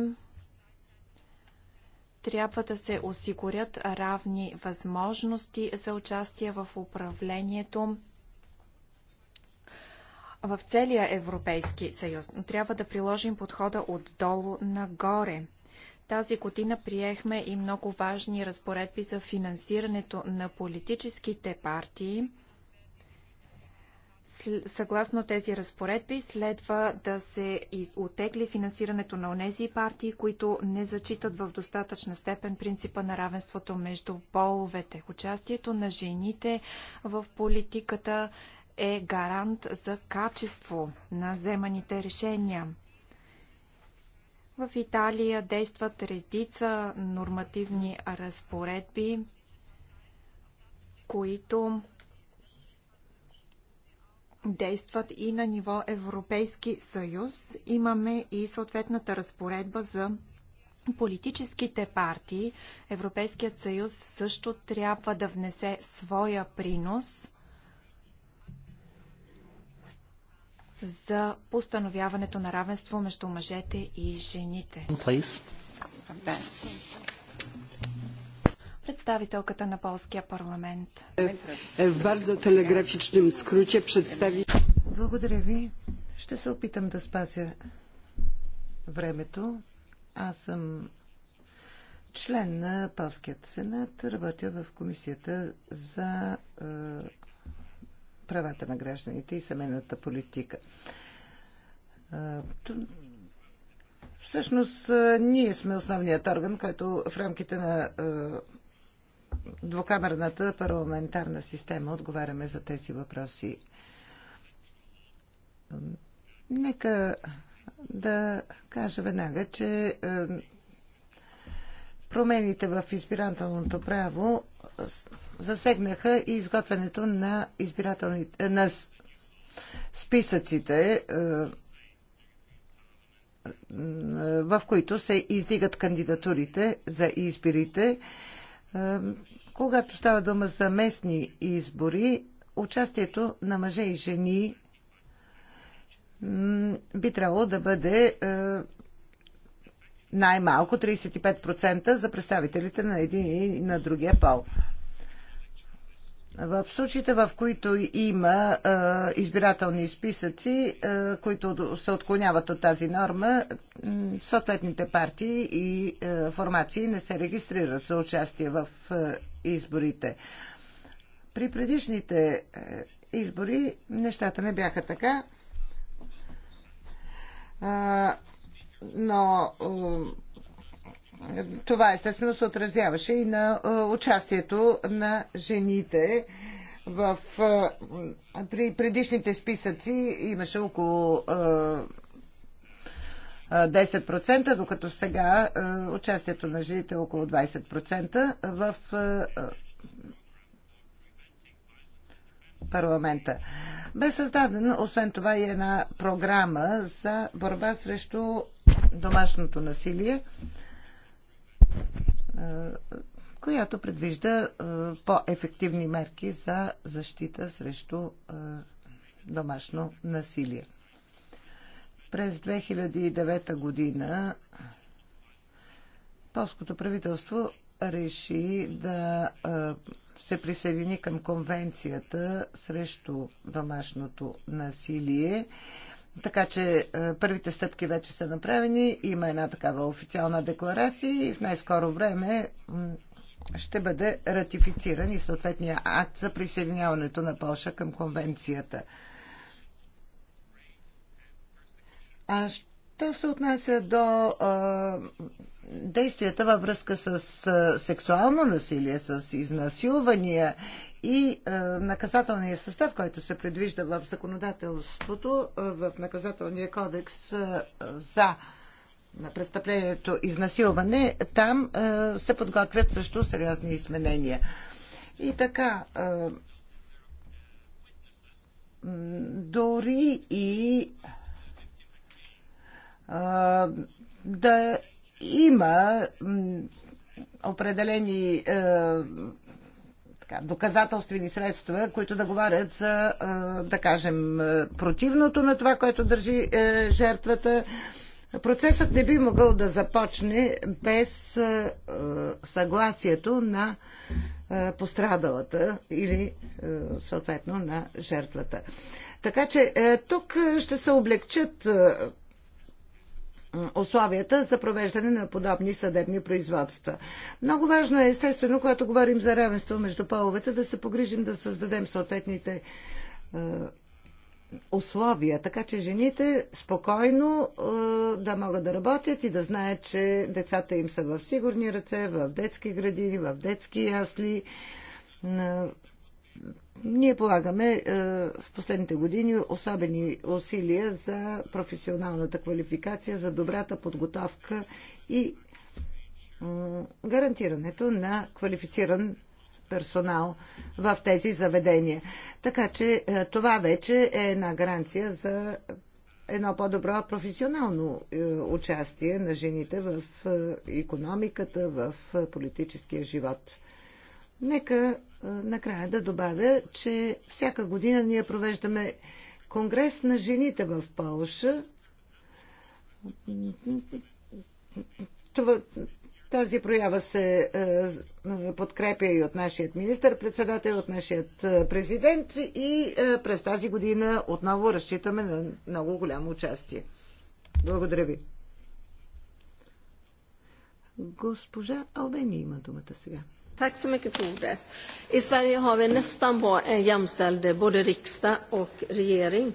трябва да се осигурят равни възможности за участие в управлението в целия Европейски съюз, но трябва да приложим подхода отдолу нагоре. Тази година приехме и много важни разпоредби за финансирането на политическите партии – съгласно тези разпоредби следва да се отегли финансирането на онези партии, които не зачитат в достатъчна степен принципа на равенството между половете. Участието на жените в политиката е гарант за качество на вземаните решения. В Италия действат редица нормативни разпоредби, които действат и на ниво Европейски съюз. Имаме и съответната разпоредба за политическите партии. Европейският съюз също трябва да внесе своя принос за постановяването на равенство между мъжете и жените. Please представителката на полския парламент. Е, в бързо телеграфичним скруче представи... Благодаря ви. Ще се опитам да спася времето. Аз съм член на Полският сенат, работя в комисията за е, правата на гражданите и семейната политика. Е, всъщност, е, ние сме основният орган, който в рамките на е, двукамерната парламентарна система отговаряме за тези въпроси. Нека да кажа веднага, че е, промените в избирателното право засегнаха и изготвянето на, е, на списъците, е, в които се издигат кандидатурите за избирите е, когато става дума за местни избори, участието на мъже и жени би трябвало да бъде е, най-малко 35% за представителите на един и на другия пол. В случаите, в които има а, избирателни списъци, а, които се отклоняват от тази норма, съответните партии и а, формации не се регистрират за участие в а, изборите. При предишните избори нещата не бяха така, а, но това естествено се отразяваше и на е, участието на жените в, е, при предишните списъци имаше около 10%, е, докато сега участието на жените е около 20% в парламента. Бе създадена, освен това, и една програма за борба срещу домашното насилие. Е, която предвижда е, по-ефективни мерки за защита срещу е, домашно насилие. През 2009 година полското правителство реши да се присъедини към конвенцията срещу домашното насилие така че е, първите стъпки вече са направени. Има една такава официална декларация и в най-скоро време ще бъде ратифициран и съответния акт за присъединяването на Польша към конвенцията. А що се отнася до а, е, действията във връзка с а, е, сексуално насилие, с изнасилвания и е, наказателния състав, който се предвижда в законодателството, е, в наказателния кодекс е, за на престъплението изнасилване, там се подготвят също сериозни изменения. И така, дори и да има определени така, доказателствени средства, които да говорят за, да кажем, противното на това, което държи е, жертвата. Процесът не би могъл да започне без съгласието на пострадалата или съответно на жертвата. Така че е, тук ще се облегчат е, условията за провеждане на подобни съдебни производства. Много важно е, естествено, когато говорим за равенство между половете, да се погрижим да създадем съответните е, условия, така че жените спокойно е, да могат да работят и да знаят, че децата им са в сигурни ръце, в детски градини, в детски ясли. Е, ние полагаме е, в последните години особени усилия за професионалната квалификация, за добрата подготовка и гарантирането на квалифициран персонал в тези заведения. Така че е, това вече е една гаранция за едно по-добро професионално е, участие на жените в економиката, в политическия живот. Нека накрая да добавя, че всяка година ние провеждаме Конгрес на жените в Полша. Това, тази проява се подкрепя и от нашият министър-председател, от нашият президент и през тази година отново разчитаме на много голямо участие. Благодаря ви. Госпожа Албени има думата сега. Tack så mycket för ordet. I Sverige har vi nästan en jämställd eh, både riksdag och regering.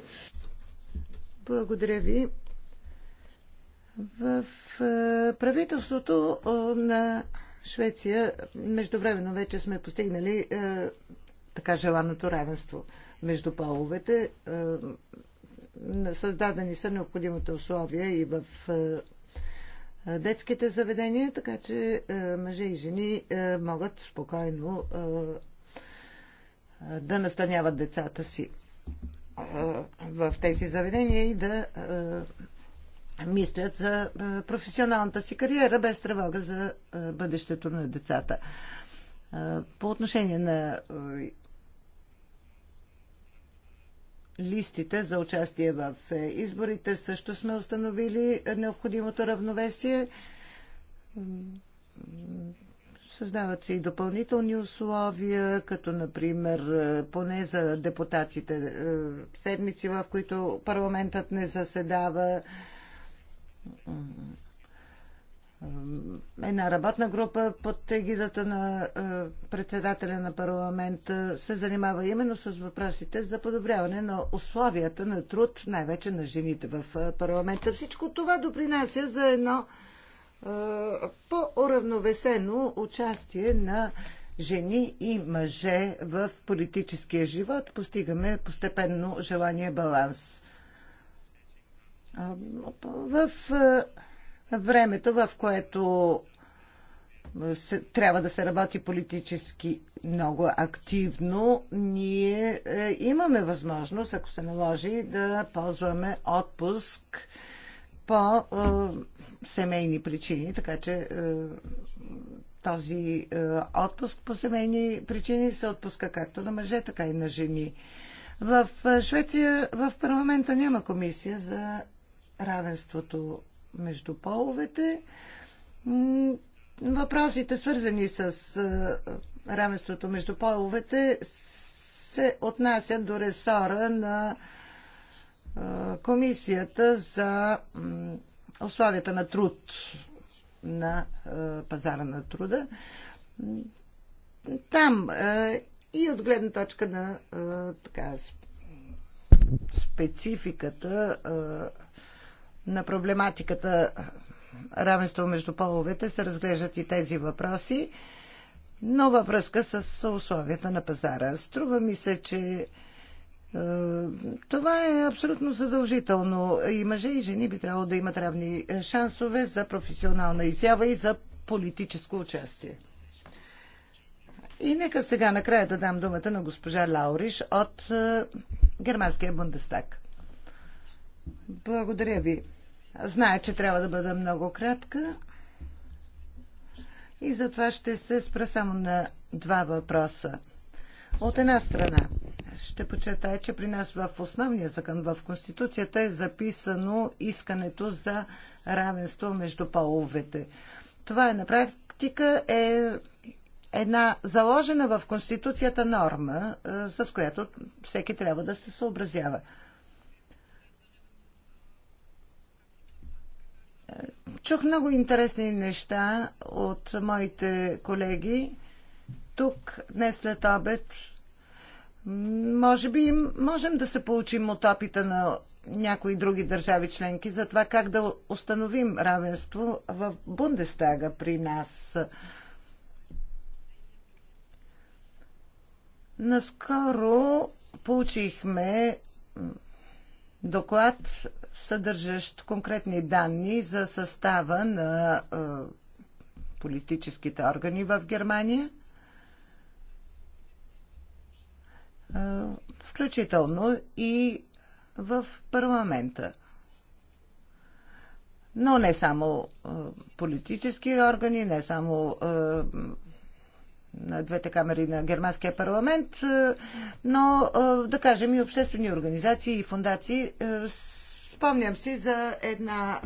Благодаря ви. В е, правителството на Швеция междувременно вече сме постигнали е, така желаното равенство между половете. Е, създадени са необходимите условия и в е, детските заведения, така че мъже и жени могат спокойно да настаняват децата си в тези заведения и да мислят за професионалната си кариера без тревога за бъдещето на децата. По отношение на листите за участие в е, изборите също сме установили необходимото равновесие. Създават се и допълнителни условия, като например е, поне за депутатите е, седмици, в които парламентът не заседава една работна група под егидата на председателя на парламента се занимава именно с въпросите за подобряване на условията на труд, най-вече на жените в парламента. Всичко това допринася за едно по-уравновесено участие на жени и мъже в политическия живот. Постигаме постепенно желания баланс. В времето, в което се, трябва да се работи политически много активно, ние е, имаме възможност, ако се наложи, да ползваме отпуск по е, семейни причини, така че е, този е, отпуск по семейни причини се отпуска както на мъже, така и на жени. В е, Швеция в парламента няма комисия за равенството между половете. Въпросите, свързани с равенството между половете, се отнасят до ресора на Комисията за условията на труд на пазара на труда. Там и от гледна точка на така, спецификата на проблематиката равенство между половете се разглеждат и тези въпроси, но във връзка с условията на пазара. Струва ми се, че е, това е абсолютно задължително. И мъже и жени би трябвало да имат равни е, шансове за професионална изява и за политическо участие. И нека сега накрая да дам думата на госпожа Лауриш от е, Германския Бундестаг. Благодаря ви. Зная, че трябва да бъда много кратка и затова ще се спра само на два въпроса. От една страна, ще подчертая, че при нас в основния закон, в Конституцията е записано искането за равенство между половете. Това е на практика е една заложена в Конституцията норма, е, с която всеки трябва да се съобразява. Чух много интересни неща от моите колеги тук днес след обед. Може би можем да се получим от опита на някои други държави членки за това как да установим равенство в Бундестага при нас. Наскоро получихме доклад съдържащ конкретни данни за състава на е, политическите органи в Германия, е, включително и в парламента. Но не само е, политически органи, не само е, на двете камери на германския парламент, но да кажем и обществени организации и фундации Спомням си за една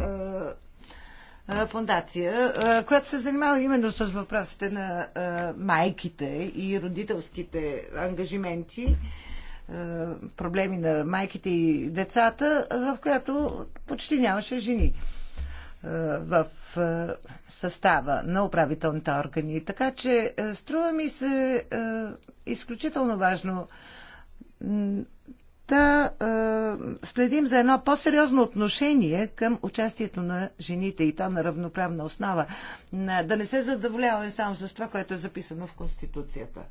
е, е, фундация, е, която се занимава именно с въпросите на майките и родителските ангажименти, проблеми на майките и децата, в която почти нямаше жени в състава на управителните органи. Така че струва ми се изключително важно да е, следим за едно по-сериозно отношение към участието на жените и то на равноправна основа. Да не се задоволяваме само с това, което е записано в Конституцията.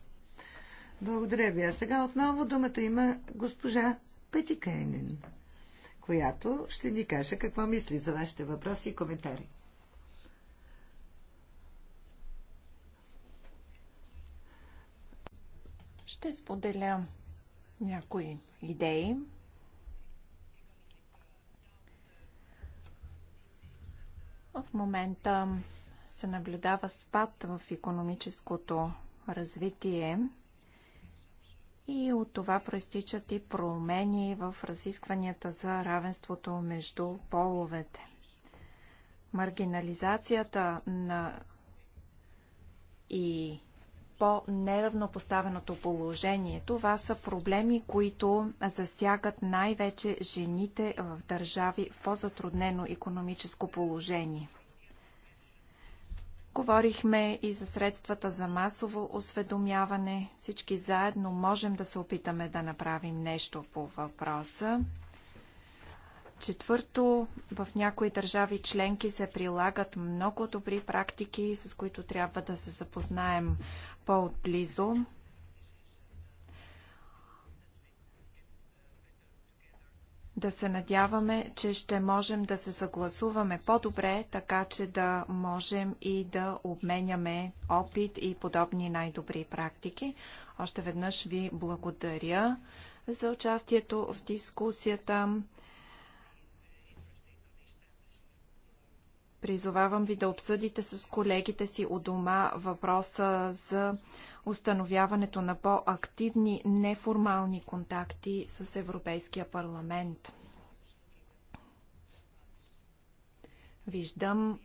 Благодаря ви. А сега отново думата има госпожа Енин, която ще ни каже какво мисли за вашите въпроси и коментари. Ще споделя някои идеи. В момента се наблюдава спад в економическото развитие и от това проистичат и промени в разискванията за равенството между половете. Маргинализацията на и по-неравнопоставеното положение. Това са проблеми, които засягат най-вече жените в държави в по-затруднено економическо положение. Говорихме и за средствата за масово осведомяване. Всички заедно можем да се опитаме да направим нещо по въпроса. Четвърто, в някои държави членки се прилагат много добри практики, с които трябва да се запознаем по-отблизо. да се надяваме, че ще можем да се съгласуваме по-добре, така че да можем и да обменяме опит и подобни най-добри практики. Още веднъж ви благодаря за участието в дискусията. Призовавам ви да обсъдите с колегите си у дома въпроса за установяването на по-активни неформални контакти с Европейския парламент. Виждам,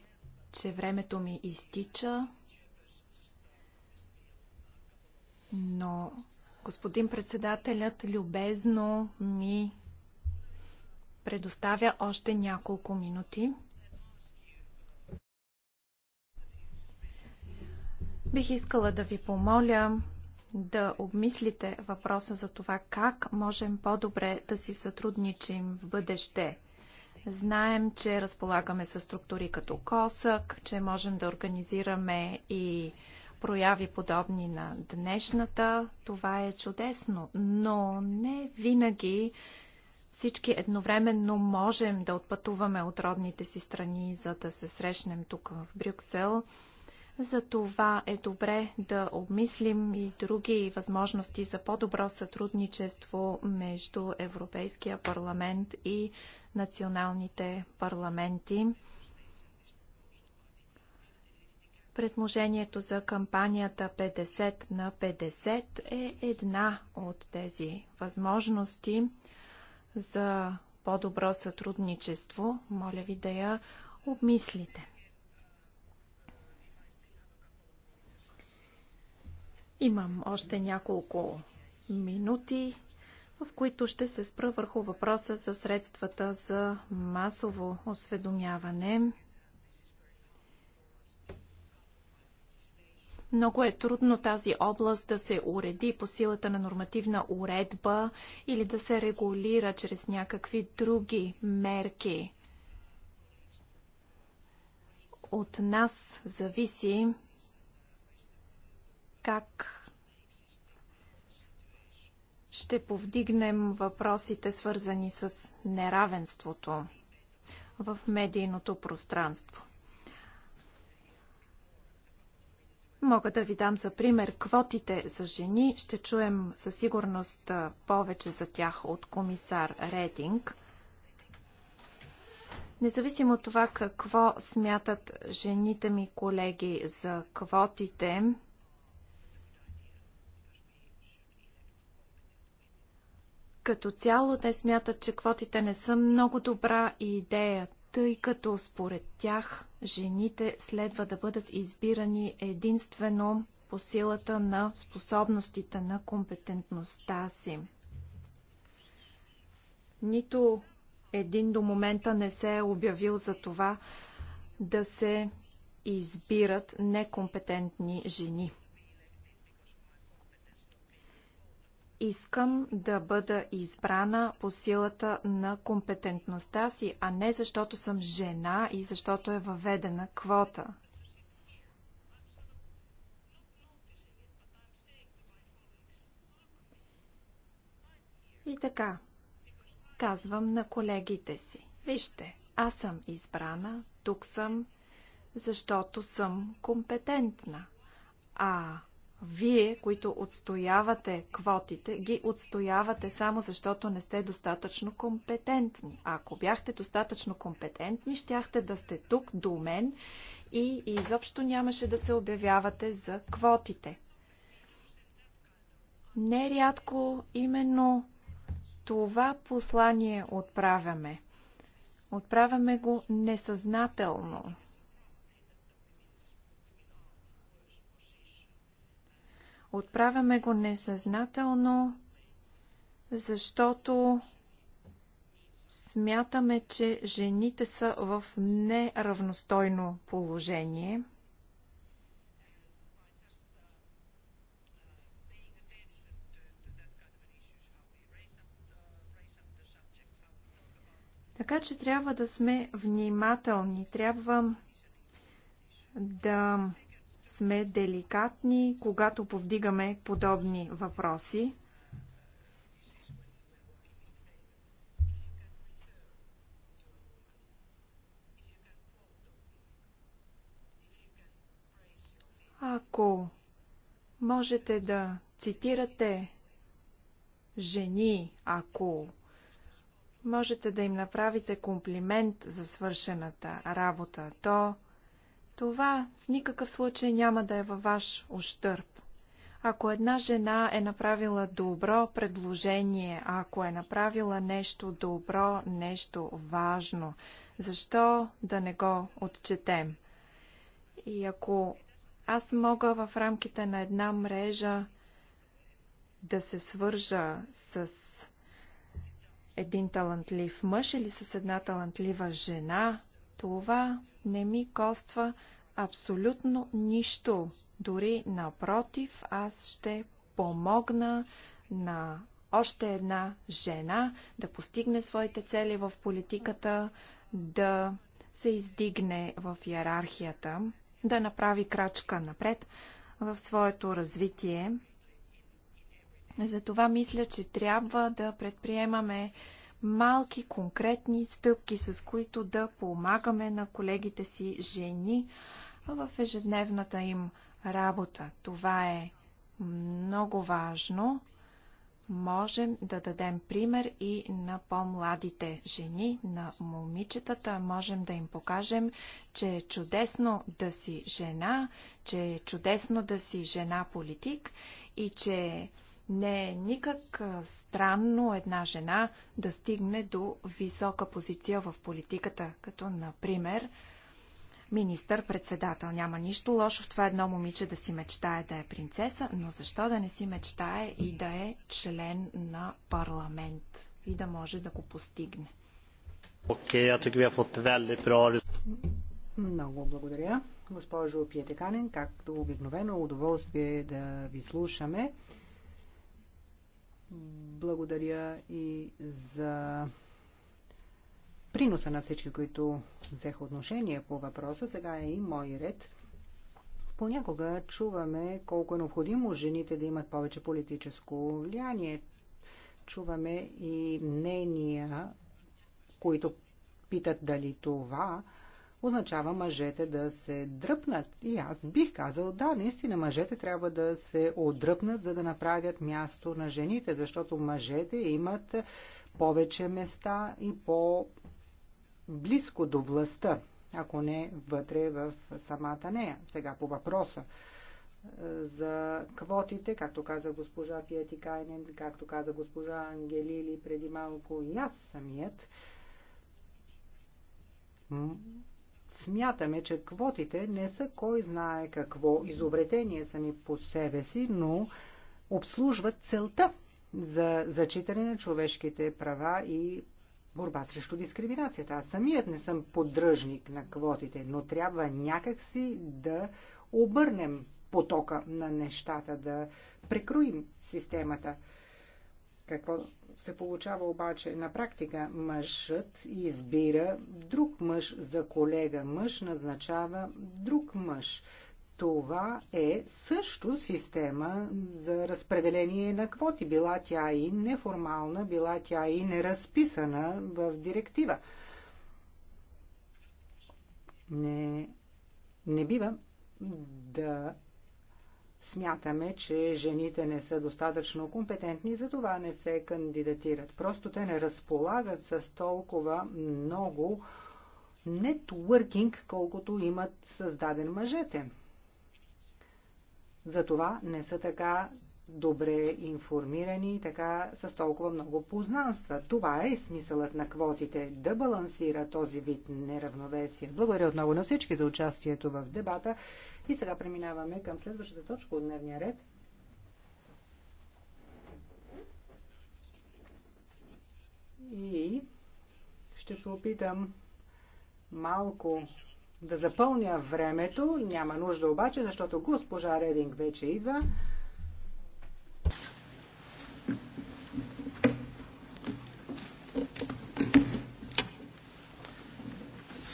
че времето ми изтича, но господин председателят любезно ми предоставя още няколко минути. Бих искала да ви помоля да обмислите въпроса за това как можем по-добре да си сътрудничим в бъдеще. Знаем, че разполагаме с структури като КОСък, че можем да организираме и прояви подобни на днешната. Това е чудесно, но не винаги всички едновременно можем да отпътуваме от родните си страни, за да се срещнем тук в Брюксел. За това е добре да обмислим и други възможности за по-добро сътрудничество между Европейския парламент и националните парламенти. Предложението за кампанията 50 на 50 е една от тези възможности за по-добро сътрудничество. Моля ви да я обмислите. Имам още няколко минути, в които ще се спра върху въпроса за средствата за масово осведомяване. Много е трудно тази област да се уреди по силата на нормативна уредба или да се регулира чрез някакви други мерки. От нас зависи как ще повдигнем въпросите, свързани с неравенството в медийното пространство. Мога да ви дам за пример квотите за жени. Ще чуем със сигурност повече за тях от комисар Рединг. Независимо от това какво смятат жените ми колеги за квотите, Като цяло те смятат, че квотите не са много добра идея, тъй като според тях жените следва да бъдат избирани единствено по силата на способностите на компетентността си. Нито един до момента не се е обявил за това да се избират некомпетентни жени. Искам да бъда избрана по силата на компетентността си, а не защото съм жена и защото е въведена квота. И така, казвам на колегите си. Вижте, аз съм избрана, тук съм, защото съм компетентна. А вие, които отстоявате квотите, ги отстоявате само защото не сте достатъчно компетентни. А ако бяхте достатъчно компетентни, щяхте да сте тук до мен и, и изобщо нямаше да се обявявате за квотите. Нерядко именно това послание отправяме. Отправяме го несъзнателно. Отправяме го несъзнателно, защото смятаме, че жените са в неравностойно положение. Така че трябва да сме внимателни, трябва да сме деликатни, когато повдигаме подобни въпроси. Ако можете да цитирате жени, ако можете да им направите комплимент за свършената работа, то това в никакъв случай няма да е във ваш ущърп. Ако една жена е направила добро предложение, ако е направила нещо добро, нещо важно, защо да не го отчетем? И ако аз мога в рамките на една мрежа да се свържа с един талантлив мъж или с една талантлива жена, това не ми коства абсолютно нищо. Дори напротив, аз ще помогна на още една жена да постигне своите цели в политиката, да се издигне в иерархията, да направи крачка напред в своето развитие. Затова мисля, че трябва да предприемаме малки, конкретни стъпки, с които да помагаме на колегите си жени в ежедневната им работа. Това е много важно. Можем да дадем пример и на по-младите жени, на момичетата. Можем да им покажем, че е чудесно да си жена, че е чудесно да си жена политик и че не е никак странно една жена да стигне до висока позиция в политиката, като например министър-председател. Няма нищо лошо в това едно момиче да си мечтае да е принцеса, но защо да не си мечтае и да е член на парламент и да може да го постигне? Окей, а я тук ви е Много благодаря, госпожо Пиетеканен. Както обикновено, удоволствие е да ви слушаме. Благодаря и за приноса на всички, които взеха отношение по въпроса. Сега е и мой ред. Понякога чуваме колко е необходимо жените да имат повече политическо влияние. Чуваме и мнения, които питат дали това означава мъжете да се дръпнат. И аз бих казал, да, наистина мъжете трябва да се отдръпнат, за да направят място на жените, защото мъжете имат повече места и по-близко до властта, ако не вътре в самата нея. Сега по въпроса е, за квотите, както каза госпожа Пиети Кайнен, както каза госпожа Ангелили преди малко и аз самият, Смятаме, че квотите не са кой знае какво изобретение сами по себе си, но обслужват целта за зачитане на човешките права и борба срещу дискриминацията. Аз самият не съм поддръжник на квотите, но трябва някакси да обърнем потока на нещата, да прекроим системата. Какво се получава обаче на практика? Мъжът избира друг мъж за колега. Мъж назначава друг мъж. Това е също система за разпределение на квоти. Била тя и неформална, била тя и неразписана в директива. Не, не бива да смятаме, че жените не са достатъчно компетентни, за това не се кандидатират. Просто те не разполагат с толкова много нетворкинг, колкото имат създаден мъжете. Затова не са така добре информирани и така с толкова много познанства. Това е смисълът на квотите – да балансира този вид неравновесие. Благодаря отново на всички за участието в дебата и сега преминаваме към следващата точка от дневния ред. И ще се опитам малко да запълня времето. Няма нужда обаче, защото госпожа Рединг вече идва.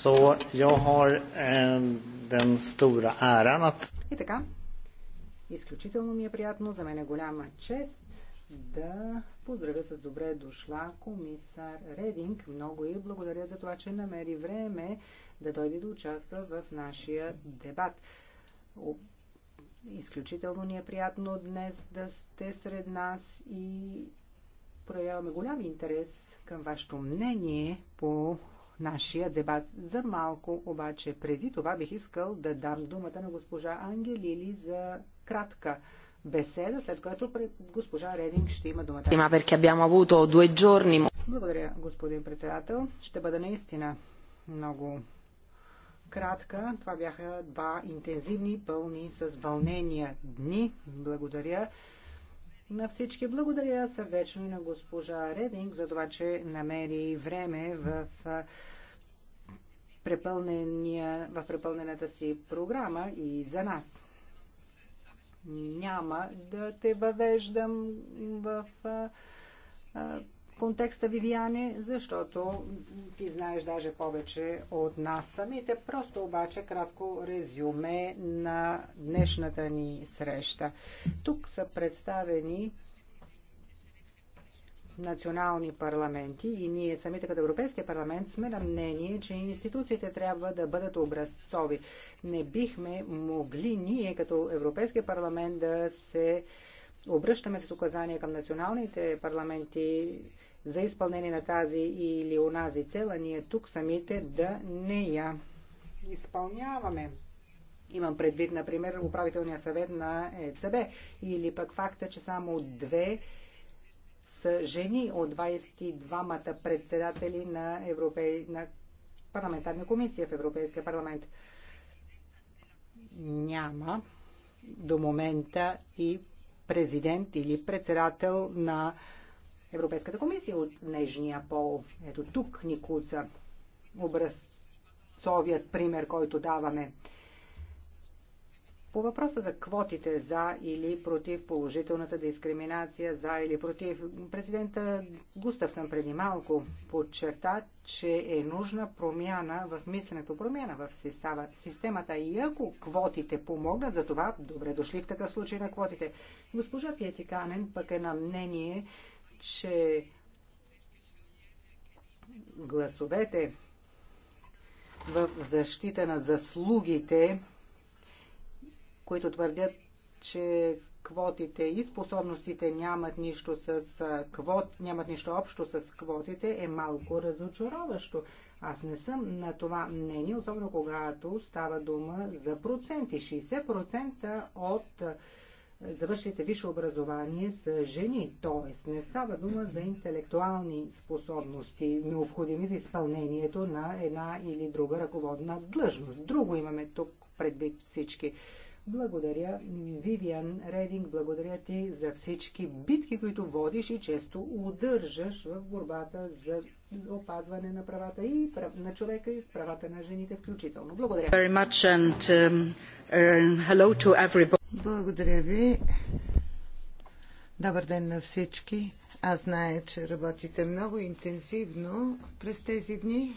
Så jag har eh, den stora äran att... И така, изключително ми е приятно, за мен е голяма чест да поздравя с добре дошла комисар Рединг. Много и благодаря за това, че намери време да дойде да участва в нашия дебат. Изключително ни е приятно днес да сте сред нас и проявяваме голям интерес към вашето мнение по нашия дебат. За малко обаче преди това бих искал да дам думата на госпожа Ангелили за кратка беседа, след което госпожа Рединг ще има думата. Има, perché abbiamo avuto due giorni. Благодаря, господин председател. Ще бъда наистина много кратка. Това бяха два интензивни, пълни с вълнения дни. Благодаря на всички. Благодаря сърдечно и на госпожа Рединг за това, че намери време в в препълнената си програма и за нас. Няма да те въвеждам в контекста, Вивиане, защото ти знаеш даже повече от нас самите. Просто обаче кратко резюме на днешната ни среща. Тук са представени национални парламенти и ние самите като Европейския парламент сме на мнение, че институциите трябва да бъдат образцови. Не бихме могли ние като Европейския парламент да се обръщаме се с указания към националните парламенти за изпълнение на тази или онази цел, ние тук самите да не я изпълняваме. Имам предвид, например, управителния съвет на ЕЦБ или пък факта, че само две са жени от 22-мата председатели на, Европей... на парламентарна комисия в Европейския парламент. Няма до момента и президент или председател на Европейската комисия от нежния пол. Ето тук Никуца образцовият пример, който даваме. По въпроса за квотите за или против положителната дискриминация, за или против, президента Густавсън преди малко подчерта, че е нужна промяна в мисленето, промяна в система, системата. И ако квотите помогнат за това, добре дошли в такъв случай на квотите. Госпожа Пиетиканен пък е на мнение, че гласовете в защита на заслугите които твърдят, че квотите и способностите нямат нищо, с квот, нямат нищо общо с квотите, е малко разочароващо. Аз не съм на това мнение, особено когато става дума за проценти. 60% от завършите висше образование са жени, т.е. не става дума за интелектуални способности, необходими за изпълнението на една или друга ръководна длъжност. Друго имаме тук предвид всички. Благодаря, Вивиан Рединг, благодаря ти за всички битки, които водиш и често удържаш в борбата за опазване на правата и прав... на човека и правата на жените включително. Благодаря. Um, благодаря ви. Добър ден на всички. Аз знае, че работите много интензивно през тези дни.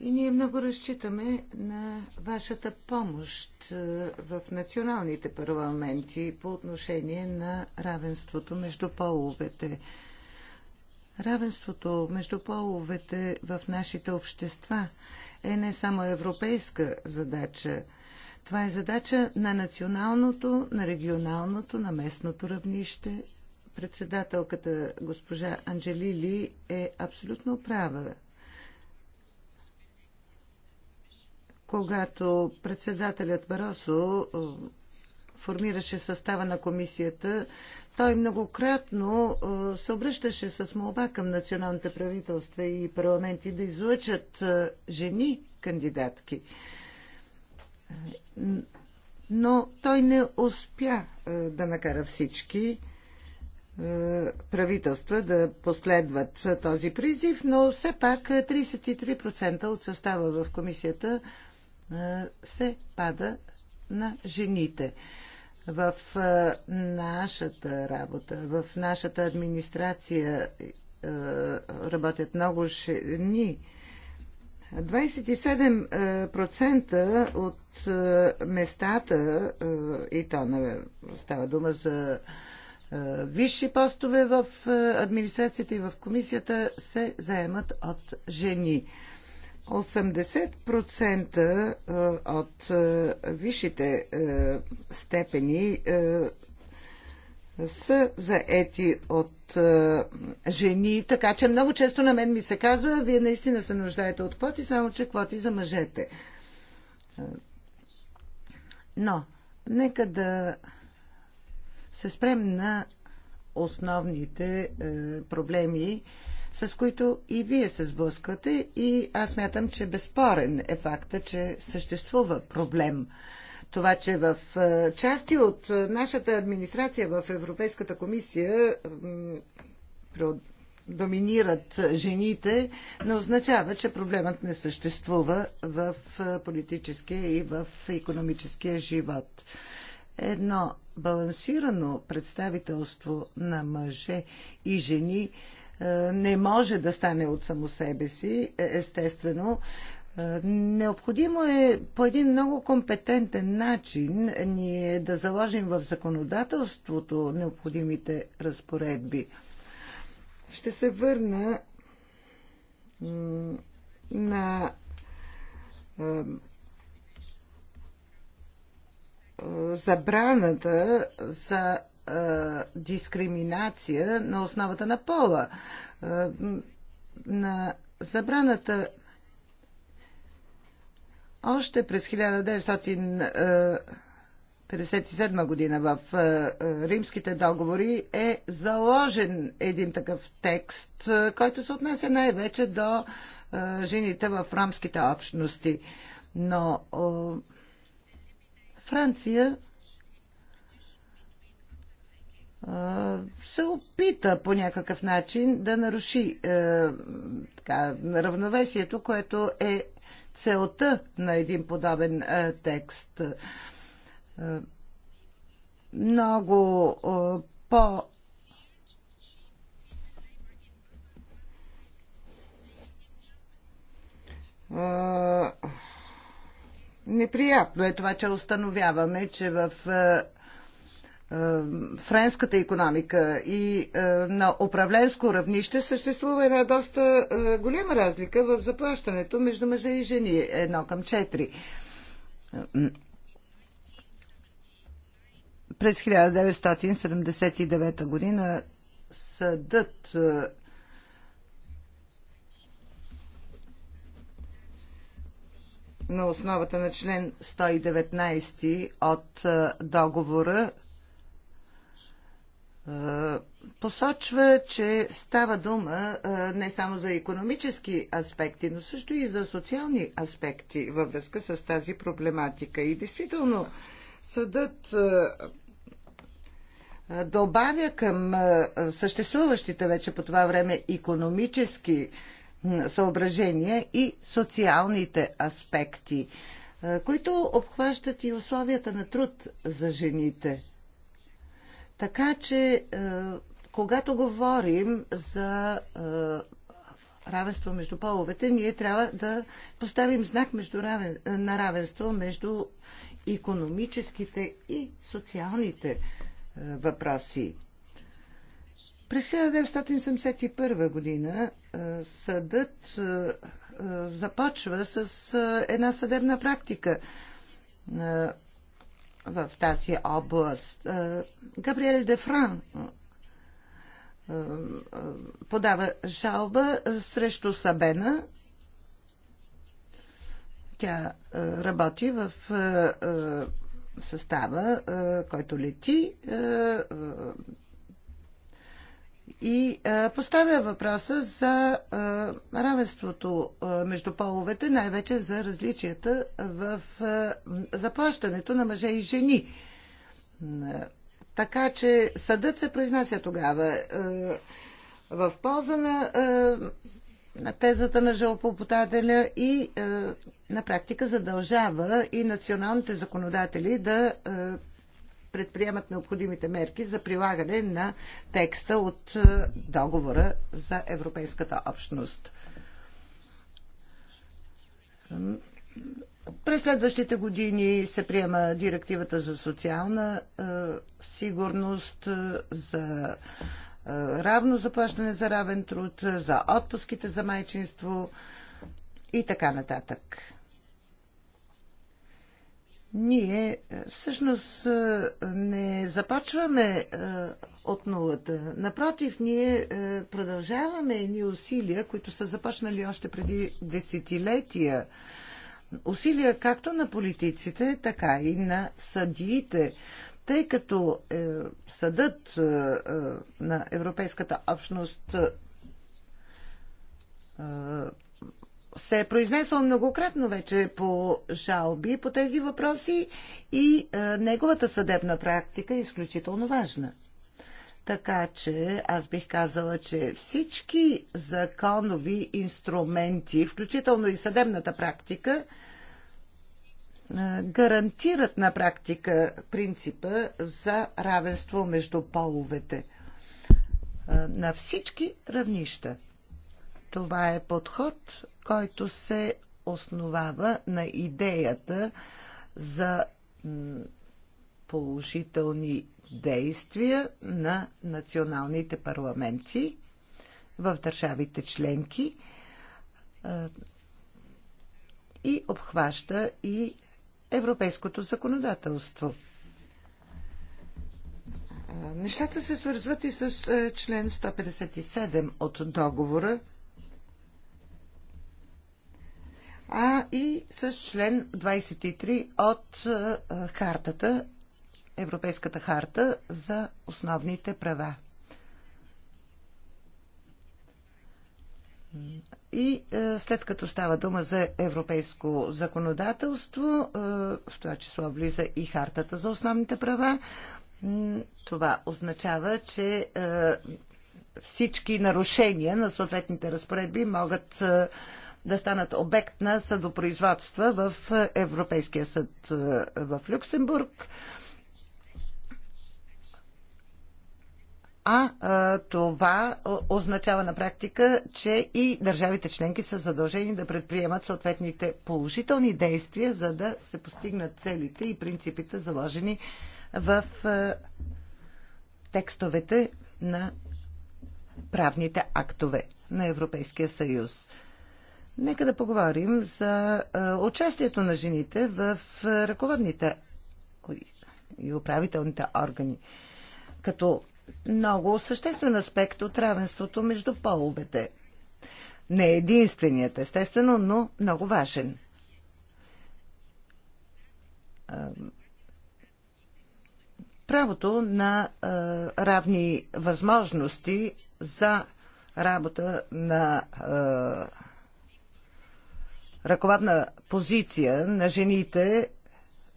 И ние много разчитаме на вашата помощ е, в националните парламенти по отношение на равенството между половете. Равенството между половете в нашите общества е не само европейска задача. Това е задача на националното, на регионалното, на местното равнище. Председателката госпожа Анджелили е абсолютно права когато председателят Баросо е, формираше състава на комисията, той многократно е, се обръщаше с молба към националните правителства и парламенти да излъчат е, жени кандидатки. Но той не успя да накара всички правителства да последват този призив, но все пак 33% от състава в комисията се пада на жените. В нашата работа, в нашата администрация работят много жени. 27% от местата, и то става дума за висши постове в администрацията и в комисията, се заемат от жени. 80% от висшите степени са заети от жени, така че много често на мен ми се казва, вие наистина се нуждаете от квоти, само че квоти за мъжете. Но, нека да се спрем на основните проблеми, с които и вие се сблъсквате и аз мятам, че безспорен е факта, че съществува проблем. Това, че в е, части от е, нашата администрация в Европейската комисия доминират жените, не означава, че проблемът не съществува в е, политическия и в економическия живот. Едно балансирано представителство на мъже и жени е, не може да стане от само себе си, е, естествено. Е, необходимо е по един много компетентен начин ние да заложим в законодателството необходимите разпоредби. Ще се върна на забраната за е, дискриминация на основата на пола, е, на забраната още през 1957 е, година в римските договори е заложен един такъв текст, който се отнася най-вече до жените в ромските общности. Но Франция се опита по някакъв начин да наруши е, така, равновесието, което е целта на един подобен е, текст. Е, много е, по е, Неприятно е това, че установяваме, че в е, е, френската економика и е, на управленско равнище съществува една доста е, голяма разлика в заплащането между мъже и жени, едно към четири. През 1979 година съдът на основата на член 119 от договора е, посочва, че става дума е, не само за економически аспекти, но също и за социални аспекти във връзка с тази проблематика. И действително съдът е, добавя към съществуващите вече по това време економически съображения и социалните аспекти, които обхващат и условията на труд за жените – така че, е, когато говорим за е, равенство между половете, ние трябва да поставим знак между равен, е, на равенство между економическите и социалните въпроси. През 1971 година съдът започва с една съдебна практика в тази област. Е, Габриел Дефран е, е, подава жалба срещу Сабена. Тя работи в състава, който лети и поставя въпроса за равенството между половете, най-вече за различията в заплащането на мъже и жени. Така че съдът се произнася тогава в полза на, на тезата на жалпоподателя и на практика задължава и националните законодатели да предприемат необходимите мерки за прилагане на текста от е, договора за Европейската общност. През следващите години се приема директивата за социална е, сигурност, е, за е, равно заплащане за равен труд, за отпуските за майчинство и така нататък. Ние е, всъщност е, не започваме е, от нулата. Напротив, ние продължаваме едни усилия, които са започнали още преди десетилетия. Усилия както на политиците, така и на съдиите тъй като съдът на Европейската общност се е произнесъл многократно вече по жалби по тези въпроси и е, неговата съдебна практика е изключително важна. Така че аз бих казала, че всички законови инструменти, включително и съдебната практика, е, гарантират на практика принципа за равенство между половете е, на всички равнища. Това е подход, който се основава на идеята за положителни действия на националните парламенти в държавите членки е, и обхваща и европейското законодателство. Е, нещата се свързват и с е, член 157 от договора а и с член 23 от е, хартата, Европейската харта за основните права. И е, след като става дума за европейско законодателство, е, в това число влиза и хартата за основните права, това означава, че всички нарушения на съответните разпоредби могат да станат обект на съдопроизводства в Европейския съд е, в Люксембург. А, а е, това означава на практика, че и държавите членки са задължени да предприемат съответните положителни действия, за да се постигнат целите и принципите заложени в а, е, текстовете на правните актове на Европейския съюз. Нека да поговорим за участието на жените в ръководните и управителните органи, като много съществен аспект от равенството между половете. Не единственият, естествено, но много важен. Правото на равни възможности за работа на ръководна позиция на жените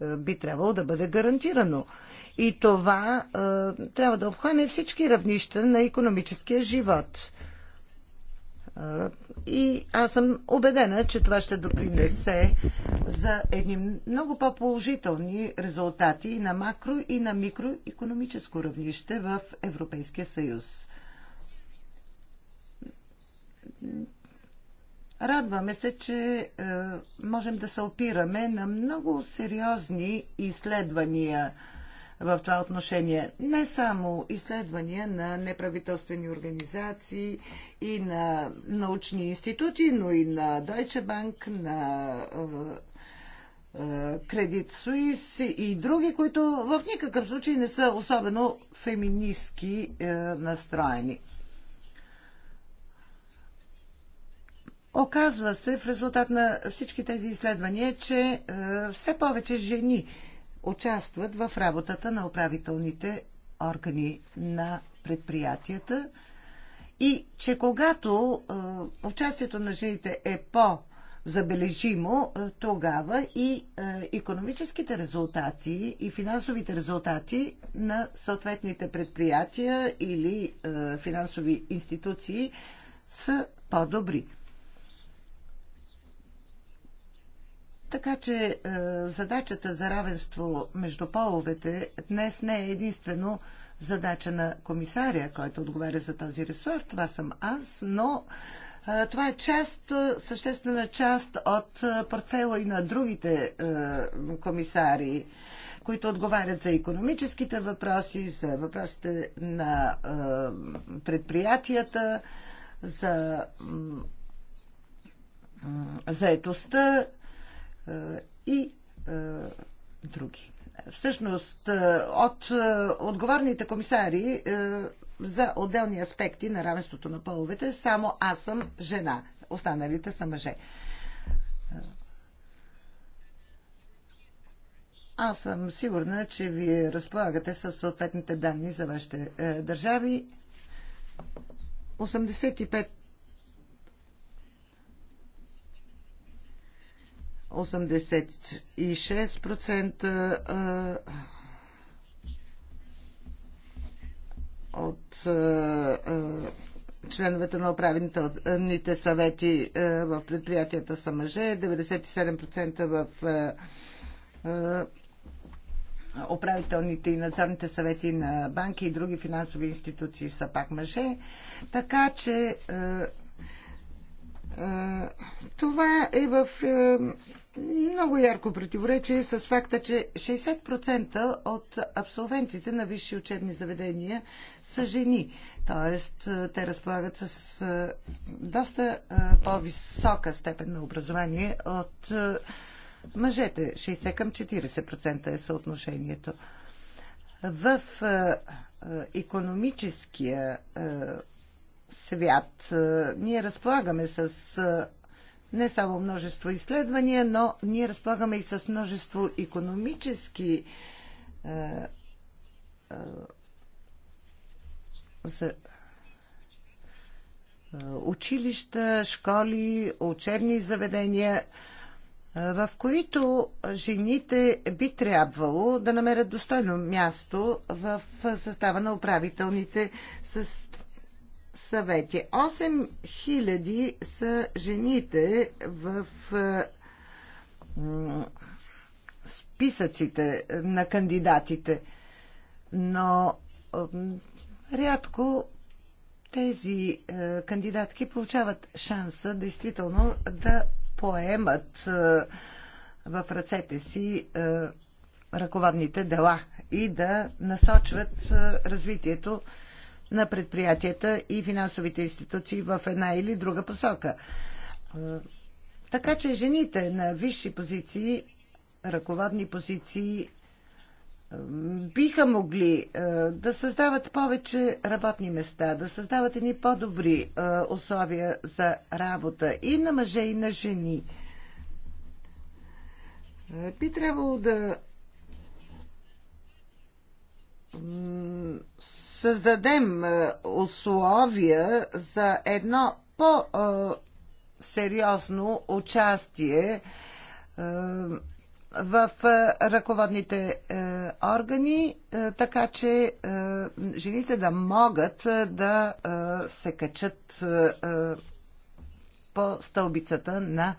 е, би трябвало да бъде гарантирано. И това е, трябва да обхване всички равнища на економическия живот. Е, и аз съм убедена, че това ще допринесе за едни много по-положителни резултати и на макро и на микроекономическо равнище в Европейския съюз Радваме се, че е, можем да се опираме на много сериозни изследвания в това отношение. Не само изследвания на неправителствени организации и на научни институти, но и на Deutsche Bank, на Кредит Суис е, и други, които в никакъв случай не са особено феминистки е, настроени. Оказва се в резултат на всички тези изследвания, че е, все повече жени участват в работата на управителните органи на предприятията и че когато е, участието на жените е по- забележимо, е, тогава и економическите резултати и финансовите резултати на съответните предприятия или финансови институции са по-добри. Така че е, задачата за равенство между половете днес не е единствено задача на комисаря, който отговаря за този ресурс, Това съм аз, но е, това е част, е, съществена част от портфела и на другите комисари, които отговарят за економическите въпроси, за въпросите на предприятията, за заетостта е, и е, други. Всъщност, е, от отговорните комисари за отделни аспекти на равенството на половете, само аз съм жена, останалите са мъже. Аз съм сигурна, че вие разполагате с съответните данни за вашите е, държави. 85 86% от членовете на управителните съвети в предприятията са мъже, 97% в управителните и надзорните съвети на банки и други финансови институции са пак мъже. Така че това е в е, много ярко противоречие с факта, че 60% от абсолвентите на висши учебни заведения са жени. Тоест, е, те разполагат с е, доста по-висока степен на образование от мъжете. 60 към 40% е съотношението. В економическия свят. Е, ние разполагаме с е, не само множество изследвания, но ние разполагаме и с множество економически е, училища, школи, учебни заведения, в които жените би трябвало да намерят достойно място в състава на управителните състави съвети. 8000 са жените в списъците на кандидатите, но рядко тези кандидатки получават шанса действително да поемат в ръцете си ръководните дела и да насочват развитието на предприятията и финансовите институции в една или друга посока. Така че жените на висши позиции, ръководни позиции, биха могли да създават повече работни места, да създават едни по-добри условия за работа и на мъже, и на жени. Би трябвало да създадем е, условия за едно по-сериозно участие е, в е, ръководните органи, така че жените да могат да се качат по стълбицата на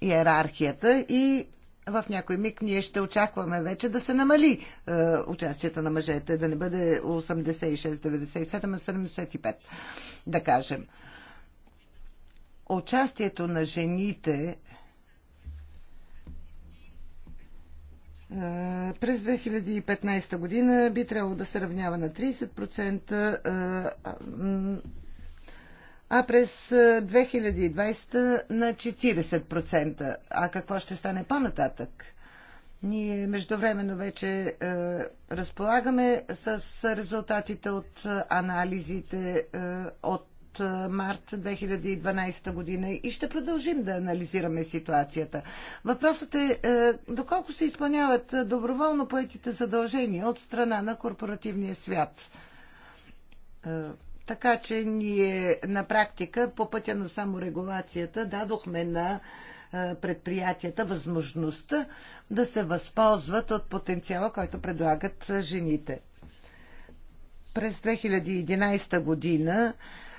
иерархията и в някой миг ние ще очакваме вече да се намали е, участието на мъжете, да не бъде 86-97, а 75, да кажем. Участието на жените е, през 2015 година би трябвало да се равнява на 30% а през 2020 на 40%. А какво ще стане по-нататък? Ние междувременно вече е, разполагаме с резултатите от е, анализите е, от е, март 2012 година и ще продължим да анализираме ситуацията. Въпросът е, е доколко се изпълняват е, доброволно поетите задължения от страна на корпоративния свят. Така че ние на практика по пътя на саморегулацията дадохме на предприятията възможността да се възползват от потенциала, който предлагат жените. През 2011 година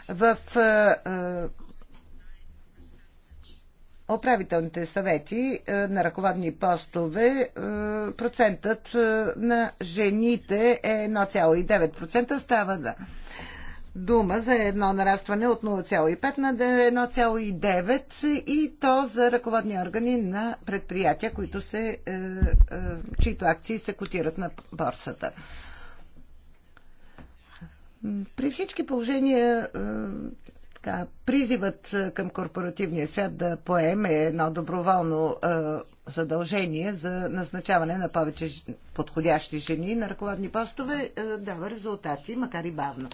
в управителните съвети на ръководни постове процентът на жените е 1,9%, става да дума за едно нарастване от 0,5 на 1,9 и то за ръководни органи на предприятия, които се, е, е, чието акции се котират на борсата. При всички положения е, така, призивът към корпоративния свят да поеме едно доброволно задължение за назначаване на повече подходящи жени на ръководни постове дава резултати, макар и бавно.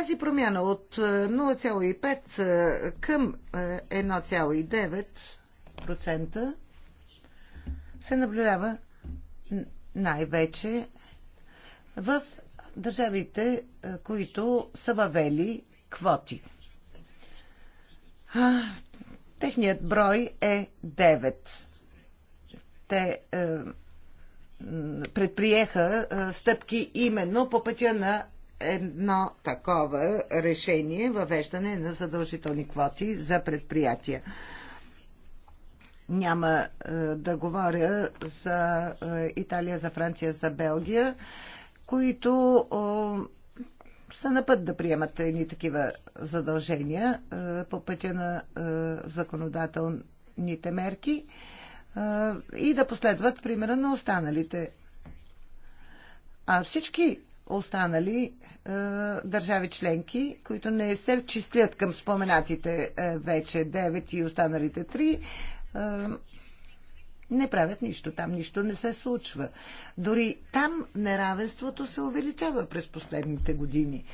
Тази промяна от 0,5 е, е, към 1,9% е, се наблюдава най-вече в държавите, които са въвели квоти. Техният брой е 9. Те предприеха стъпки именно по пътя на едно такова решение въвеждане на задължителни квоти за предприятия. Няма е, да говоря за е, Италия, за Франция, за Белгия, които е, са на път да приемат едни такива задължения по пътя на законодателните мерки и да последват примера на останалите. А всички останали е, държави членки, които не се числят към споменатите е, вече 9 и останалите 3, е, не правят нищо. Там нищо не се случва. Дори там неравенството се увеличава през последните години.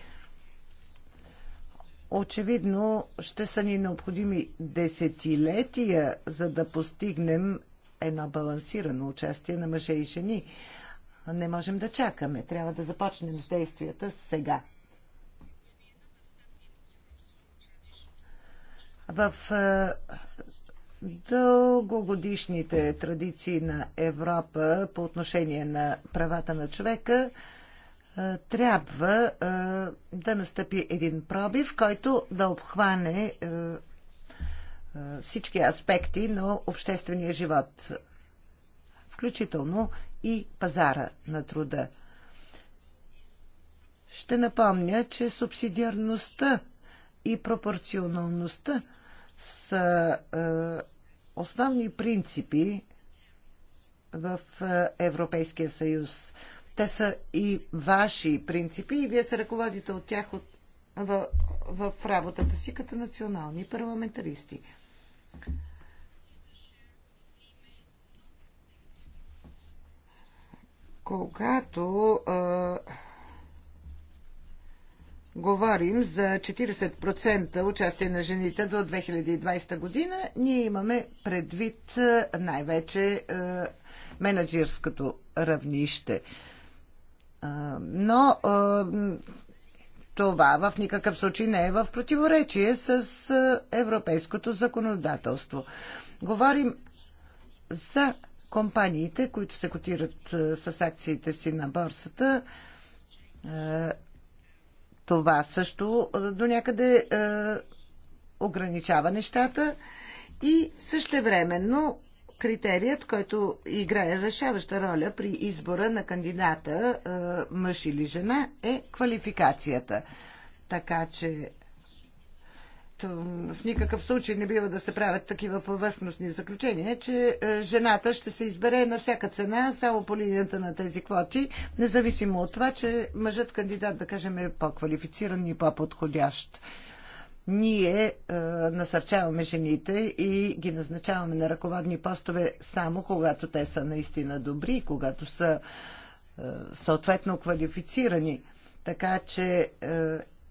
Очевидно ще са ни необходими десетилетия, за да постигнем едно балансирано участие на мъже и жени. Не можем да чакаме. Трябва да започнем с действията сега. В е, дългогодишните традиции на Европа по отношение на правата на човека е, трябва е, да настъпи един пробив, който да обхване всички аспекти на обществения живот, включително и пазара на труда. Ще напомня, че субсидиарността и пропорционалността са е, основни принципи в е, Европейския съюз. Те са и ваши принципи и вие се ръководите от тях от, в, в работата си като национални парламентаристи. Когато а, говорим за 40% участие на жените до 2020 година, ние имаме предвид най-вече менеджерското равнище. Но това в никакъв случай не е в противоречие с европейското законодателство. Говорим за компаниите, които се котират е, с акциите си на борсата. Е, това също е, до някъде ограничава нещата и същевременно критерият, който играе решаваща роля при избора на кандидата мъж или жена е квалификацията. Така че в никакъв случай не бива да се правят такива повърхностни заключения, че е, жената ще се избере на всяка цена, само по линията на тези квоти, независимо от това, че мъжът кандидат, да кажем, е по-квалифициран и по-подходящ. Ние е, насърчаваме жените и ги назначаваме на ръководни постове само когато те са наистина добри, когато са е, съответно квалифицирани. Така че е,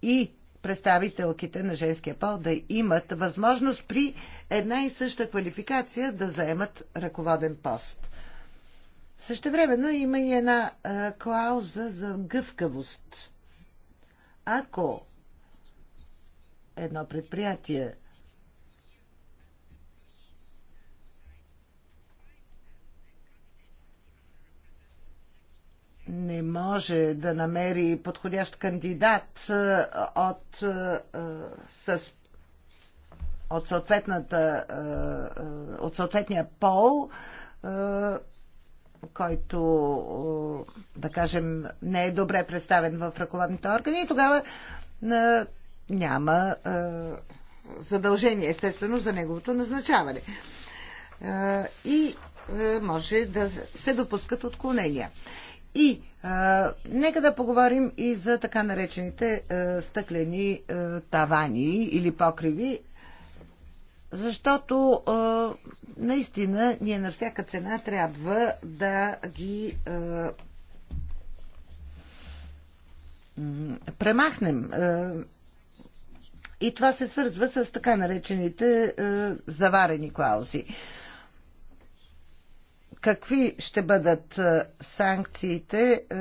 и представителките на женския пол да имат възможност при една и съща квалификация да заемат ръководен пост. времено има и една а, клауза за гъвкавост. Ако едно предприятие не може да намери подходящ кандидат е, от, е, е, с, от, съответната, от съответния пол, който, да кажем, не е добре представен в ръководните органи, и тогава няма задължение, естествено, за неговото назначаване. И може да се допускат отклонения. И а, нека да поговорим и за така наречените а, стъклени а, тавани или покриви, защото а, наистина ние на всяка цена трябва да ги а, премахнем. А, и това се свързва с така наречените е, заварени клаузи какви ще бъдат е, санкциите е,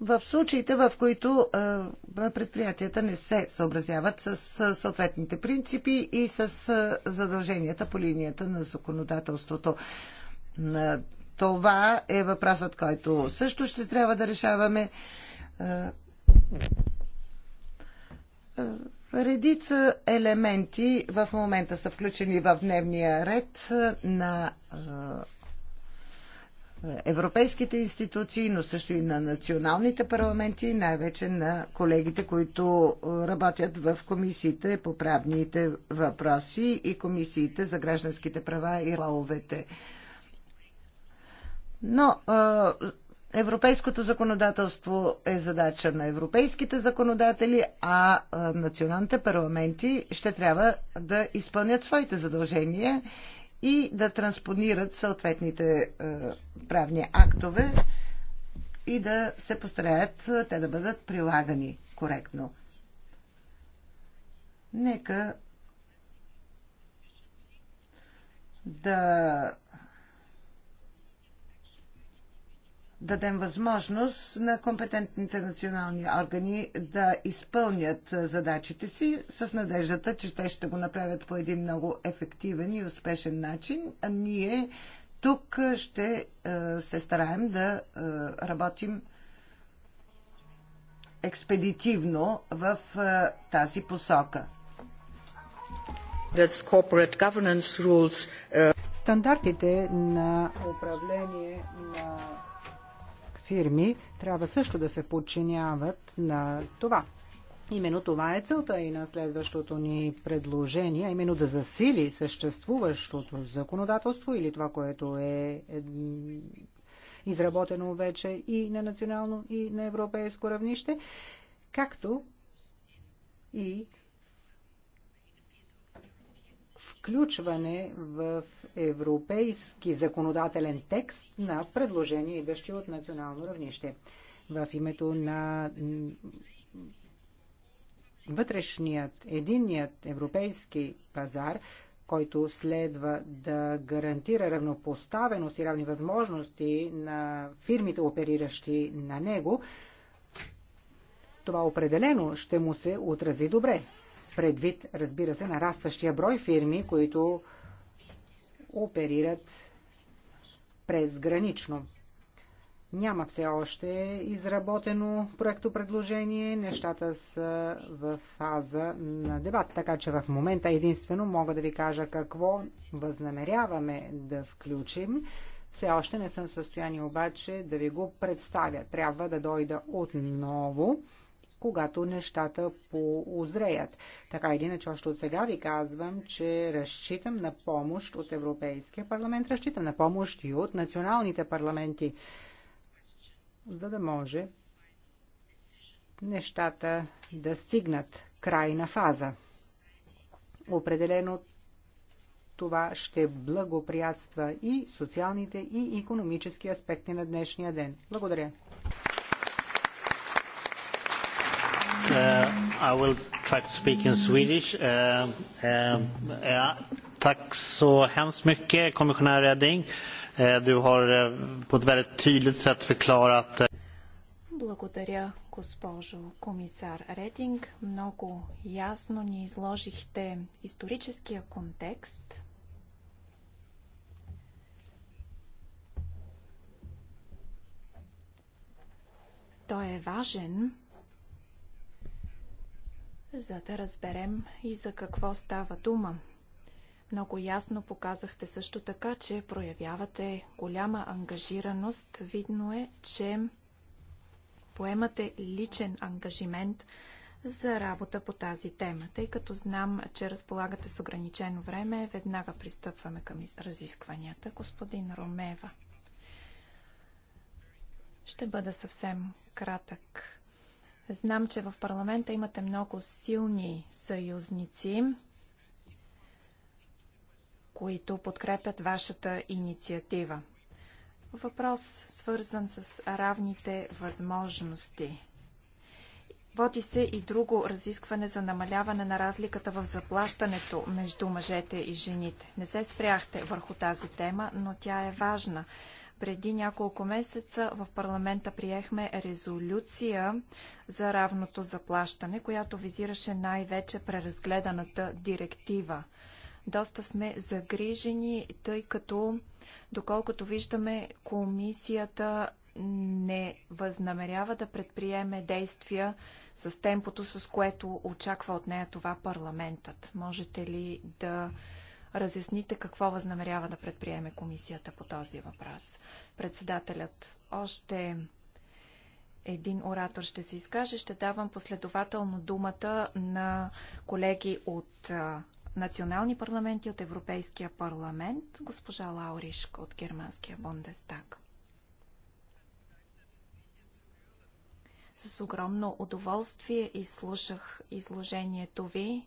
в случаите, в които е, предприятията не се съобразяват с съответните принципи и с задълженията по линията на законодателството. Това е въпросът, който също ще трябва да решаваме. Редица елементи в момента са включени в дневния ред на европейските институции, но също и на националните парламенти, най-вече на колегите, които работят в комисиите по правните въпроси и комисиите за гражданските права и лаовете. Но Европейското законодателство е задача на европейските законодатели, а националните парламенти ще трябва да изпълнят своите задължения и да транспонират съответните е, правни актове и да се постараят е, те да бъдат прилагани коректно. Нека да дадем възможност на компетентните национални органи да изпълнят задачите си с надеждата, че те ще го направят по един много ефективен и успешен начин. А ние тук ще се стараем да работим експедитивно в тази посока. Uh, Стандартите на управление на фирми трябва също да се подчиняват на това. Именно това е целта и на следващото ни предложение, а именно да засили съществуващото законодателство или това, което е, е изработено вече и на национално, и на европейско равнище, както и включване в европейски законодателен текст на предложения, идващи от национално равнище. В името на вътрешният, единният европейски пазар, който следва да гарантира равнопоставеност и равни възможности на фирмите, опериращи на него, това определено ще му се отрази добре предвид, разбира се, нарастващия брой фирми, които оперират презгранично. Няма все още изработено проекто предложение, нещата са в фаза на дебат, така че в момента единствено мога да ви кажа какво възнамеряваме да включим. Все още не съм в състояние обаче да ви го представя. Трябва да дойда отново когато нещата поозреят. Така или иначе, още от сега ви казвам, че разчитам на помощ от Европейския парламент, разчитам на помощ и от националните парламенти, за да може нещата да стигнат крайна фаза. Определено това ще благоприятства и социалните, и економически аспекти на днешния ден. Благодаря. I will try to speak in Swedish. Tack så hemskt mycket, kommissionär Reding. Du har på ett väldigt tydligt sätt förklarat Благодаря, госпожо комисар Рединг. Много ясно ни изложихте историческия контекст. Той е важен, за да разберем и за какво става дума. Много ясно показахте също така, че проявявате голяма ангажираност. Видно е, че поемате личен ангажимент за работа по тази тема. Тъй като знам, че разполагате с ограничено време, веднага пристъпваме към разискванията. Господин Ромева. Ще бъда съвсем кратък. Знам, че в парламента имате много силни съюзници, които подкрепят вашата инициатива. Въпрос свързан с равните възможности. Води се и друго разискване за намаляване на разликата в заплащането между мъжете и жените. Не се спряхте върху тази тема, но тя е важна. Преди няколко месеца в парламента приехме резолюция за равното заплащане, която визираше най-вече преразгледаната директива. Доста сме загрижени, тъй като, доколкото виждаме, комисията не възнамерява да предприеме действия с темпото, с което очаква от нея това парламентът. Можете ли да разясните какво възнамерява да предприеме комисията по този въпрос. Председателят още един оратор ще се изкаже. Ще давам последователно думата на колеги от национални парламенти от Европейския парламент, госпожа Лауришк от германския Бундестаг. С огромно удоволствие изслушах изложението ви.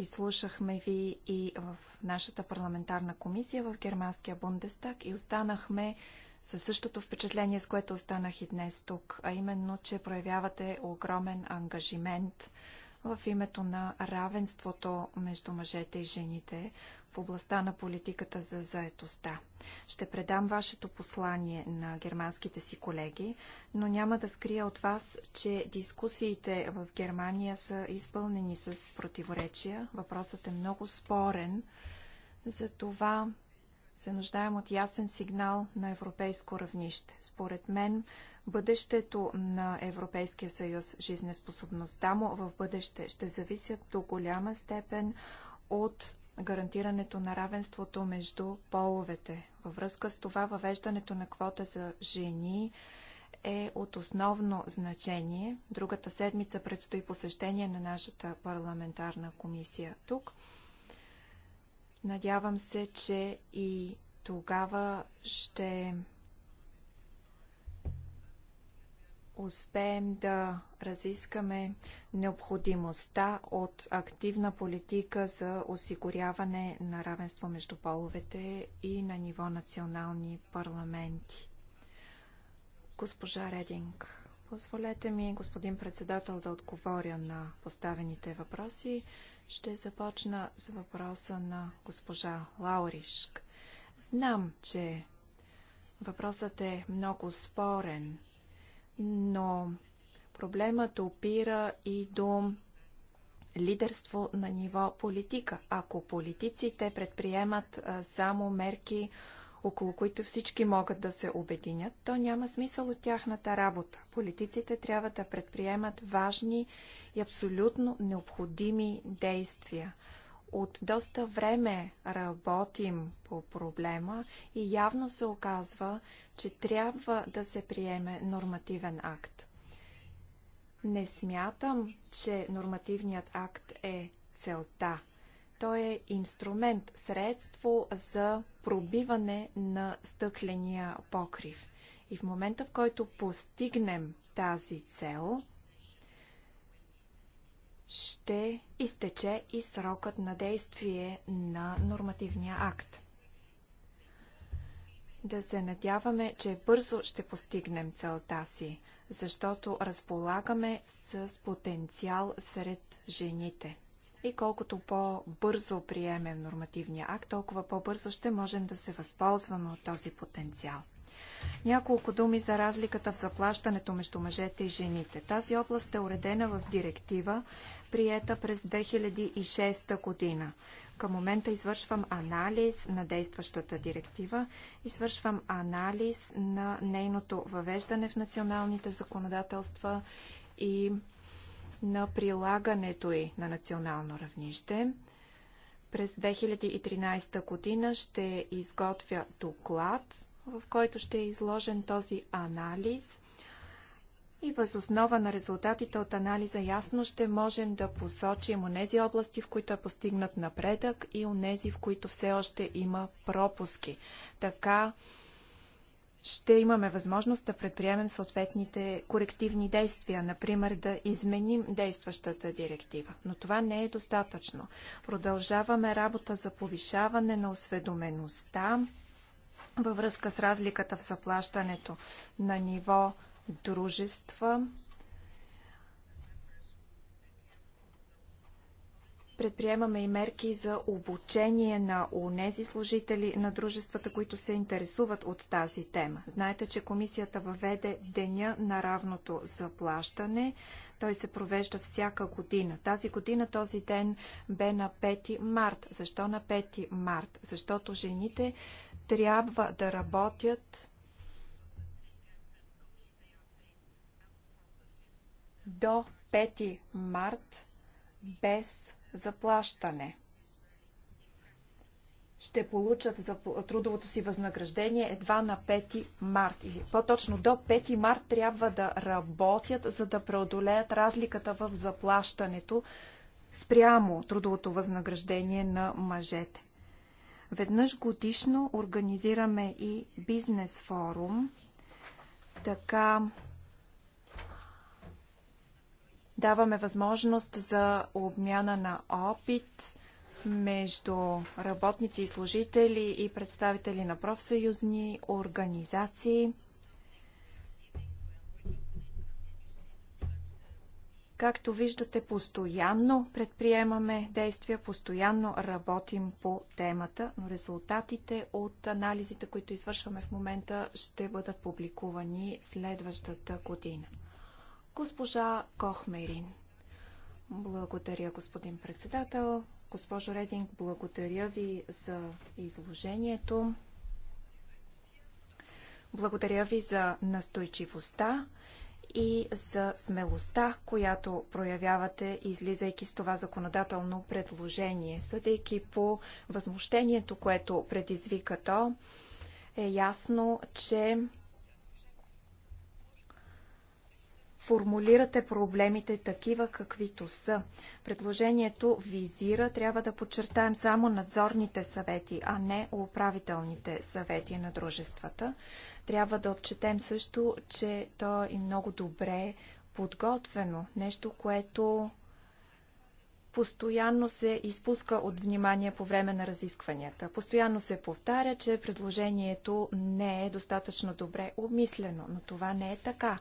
Изслушахме ви и в нашата парламентарна комисия в германския Бундестаг и останахме със същото впечатление, с което останах и днес тук, а именно, че проявявате огромен ангажимент в името на равенството между мъжете и жените в областта на политиката за заетостта. Ще предам вашето послание на германските си колеги, но няма да скрия от вас, че дискусиите в Германия са изпълнени с противоречия. Въпросът е много спорен. Затова се нуждаем от ясен сигнал на европейско равнище. Според мен, бъдещето на Европейския съюз, жизнеспособността му в бъдеще ще зависят до голяма степен от гарантирането на равенството между половете. Във връзка с това въвеждането на квота за жени е от основно значение. Другата седмица предстои посещение на нашата парламентарна комисия тук. Надявам се, че и тогава ще успеем да разискаме необходимостта от активна политика за осигуряване на равенство между половете и на ниво национални парламенти. Госпожа Рединг, позволете ми, господин председател, да отговоря на поставените въпроси. Ще започна с въпроса на госпожа Лауришк. Знам, че въпросът е много спорен – но проблемът опира и до лидерство на ниво политика. Ако политиците предприемат само мерки, около които всички могат да се обединят, то няма смисъл от тяхната работа. Политиците трябва да предприемат важни и абсолютно необходими действия. От доста време работим по проблема и явно се оказва, че трябва да се приеме нормативен акт. Не смятам, че нормативният акт е целта. Той е инструмент, средство за пробиване на стъкления покрив. И в момента, в който постигнем тази цел, ще изтече и срокът на действие на нормативния акт. Да се надяваме, че бързо ще постигнем целта си, защото разполагаме с потенциал сред жените. И колкото по-бързо приемем нормативния акт, толкова по-бързо ще можем да се възползваме от този потенциал. Няколко думи за разликата в заплащането между мъжете и жените. Тази област е уредена в директива, приета през 2006 година. Към момента извършвам анализ на действащата директива, извършвам анализ на нейното въвеждане в националните законодателства и на прилагането й на национално равнище. През 2013 година ще изготвя доклад в който ще е изложен този анализ. И въз основа на резултатите от анализа ясно ще можем да посочим онези области, в които е постигнат напредък и онези, в които все още има пропуски. Така ще имаме възможност да предприемем съответните корективни действия, например да изменим действащата директива. Но това не е достатъчно. Продължаваме работа за повишаване на осведомеността, във връзка с разликата в заплащането на ниво дружества. Предприемаме и мерки за обучение на унези служители на дружествата, които се интересуват от тази тема. Знаете, че комисията въведе Деня на равното заплащане. Той се провежда всяка година. Тази година този ден бе на 5 март. Защо на 5 март? Защото жените трябва да работят до 5 март без заплащане. Ще получат за трудовото си възнаграждение едва на 5 март. Или по-точно до 5 март трябва да работят, за да преодолеят разликата в заплащането спрямо трудовото възнаграждение на мъжете. Веднъж годишно организираме и бизнес форум. Така даваме възможност за обмяна на опит между работници и служители и представители на профсъюзни организации – Както виждате, постоянно предприемаме действия, постоянно работим по темата, но резултатите от анализите, които извършваме в момента, ще бъдат публикувани следващата година. Госпожа Кохмерин. Благодаря, господин председател. Госпожо Рединг, благодаря ви за изложението. Благодаря ви за настойчивостта и за смелостта, която проявявате, излизайки с това законодателно предложение. Съдейки по възмущението, което предизвика то, е ясно, че формулирате проблемите такива, каквито са. Предложението визира, трябва да подчертаем само надзорните съвети, а не управителните съвети на дружествата. Трябва да отчетем също, че то е много добре подготвено. Нещо, което постоянно се изпуска от внимание по време на разискванията. Постоянно се повтаря, че предложението не е достатъчно добре обмислено, но това не е така.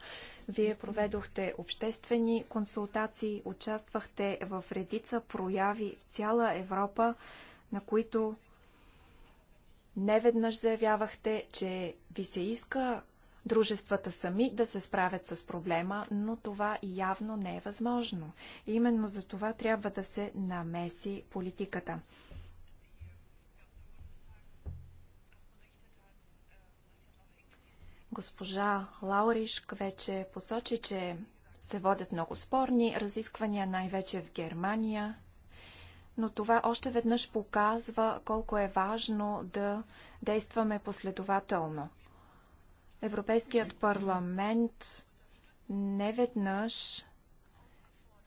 Вие проведохте обществени консултации, участвахте в редица прояви в цяла Европа, на които неведнъж заявявахте, че ви се иска дружествата сами да се справят с проблема, но това явно не е възможно. И именно за това трябва да се намеси политиката. Госпожа Лауришк вече посочи, че се водят много спорни разисквания, най-вече в Германия, но това още веднъж показва колко е важно да действаме последователно. Европейският парламент неведнъж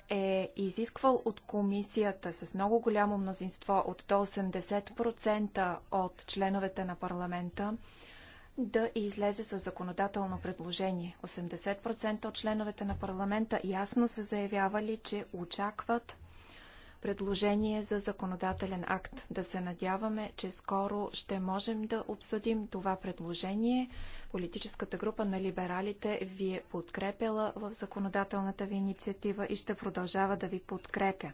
е изисквал от комисията с много голямо мнозинство от до 80% от членовете на парламента да излезе с законодателно предложение. 80% от членовете на парламента ясно са заявявали, че очакват предложение за законодателен акт. Да се надяваме, че скоро ще можем да обсъдим това предложение. Политическата група на либералите ви е подкрепила в законодателната ви инициатива и ще продължава да ви подкрепя.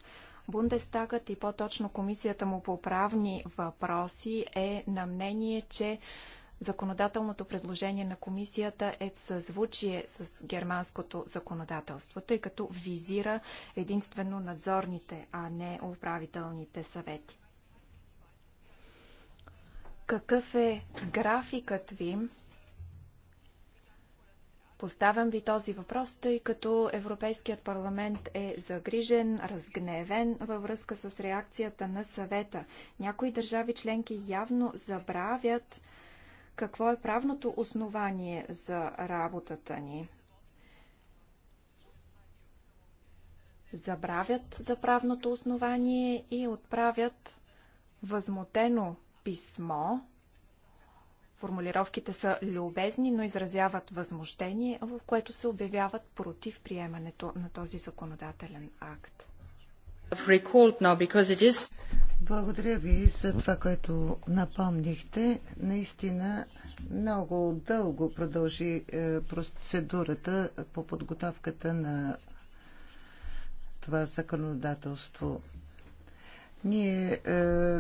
Бундестагът и по-точно комисията му по правни въпроси е на мнение, че законодателното предложение на комисията е в съзвучие с германското законодателство, тъй като визира единствено надзорните, а не управителните съвети. Какъв е графикът ви? Поставям ви този въпрос, тъй като Европейският парламент е загрижен, разгневен във връзка с реакцията на съвета. Някои държави членки явно забравят, какво е правното основание за работата ни. Забравят за правното основание и отправят възмутено писмо. Формулировките са любезни, но изразяват възмущение, в което се обявяват против приемането на този законодателен акт. Благодаря ви за това, което напомнихте. Наистина много дълго продължи е, процедурата по подготовката на това законодателство. Ние е,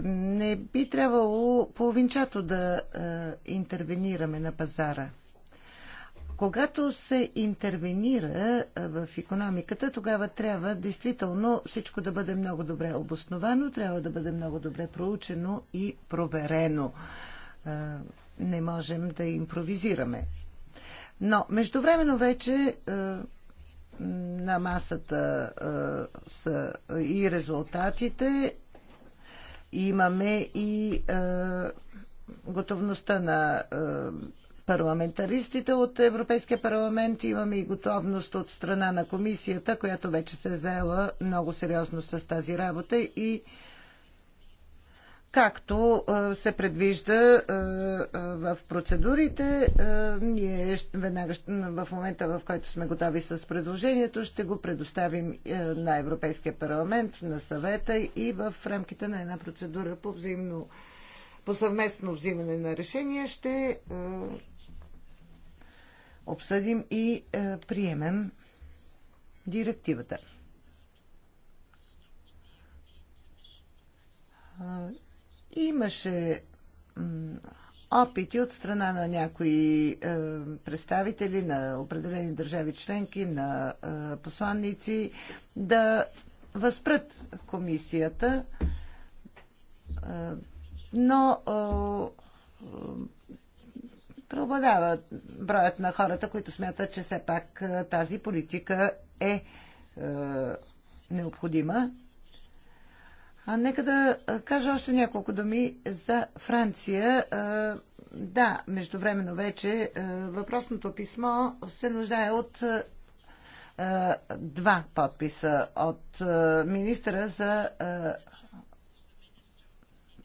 не би трябвало половинчато да е, интервенираме на пазара. Когато се интервенира в економиката, тогава трябва действително всичко да бъде много добре обосновано, трябва да бъде много добре проучено и проверено. Не можем да импровизираме. Но междувременно вече на масата са и резултатите. Имаме и готовността на парламентаристите от Европейския парламент. Имаме и готовност от страна на комисията, която вече се е заела много сериозно с тази работа и Както се предвижда в процедурите, ние веднага в момента, в който сме готови с предложението, ще го предоставим на Европейския парламент, на съвета и в рамките на една процедура по взаимно по съвместно взимане на решение ще обсъдим и е, приемем директивата. Имаше опити от страна на някои е, представители на определени държави членки, на е, посланници, да възпрат комисията, е, но е, преобладава броят на хората, които смятат, че все пак е, тази политика е, е необходима. А нека да е, кажа още няколко думи за Франция. Е, да, междувременно вече е, въпросното писмо се нуждае от е, два подписа от министра за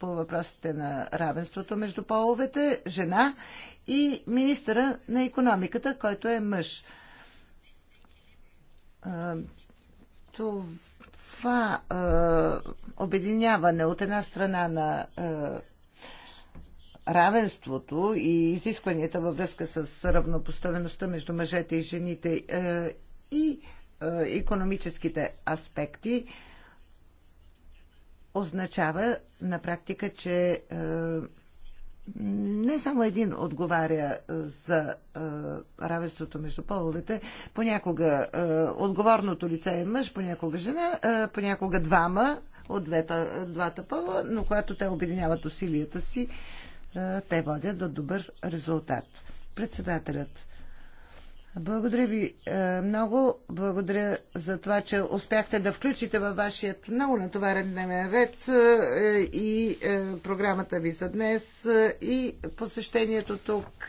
по въпросите на равенството между половете, жена и министъра на економиката, който е мъж. Това обединяване от една страна на равенството и изискванията във връзка с равнопоставеността между мъжете и жените и економическите аспекти означава на практика, че е, не само един отговаря е, за е, равенството между половете. Понякога отговорното лице е мъж, понякога жена, понякога двама от двата, двата пола, но когато те обединяват усилията си, те водят до добър резултат. Председателят. Благодаря ви е, много. Благодаря за това, че успяхте да включите във вашия много натоварен дневен ред е, и е, програмата ви за днес и посещението тук.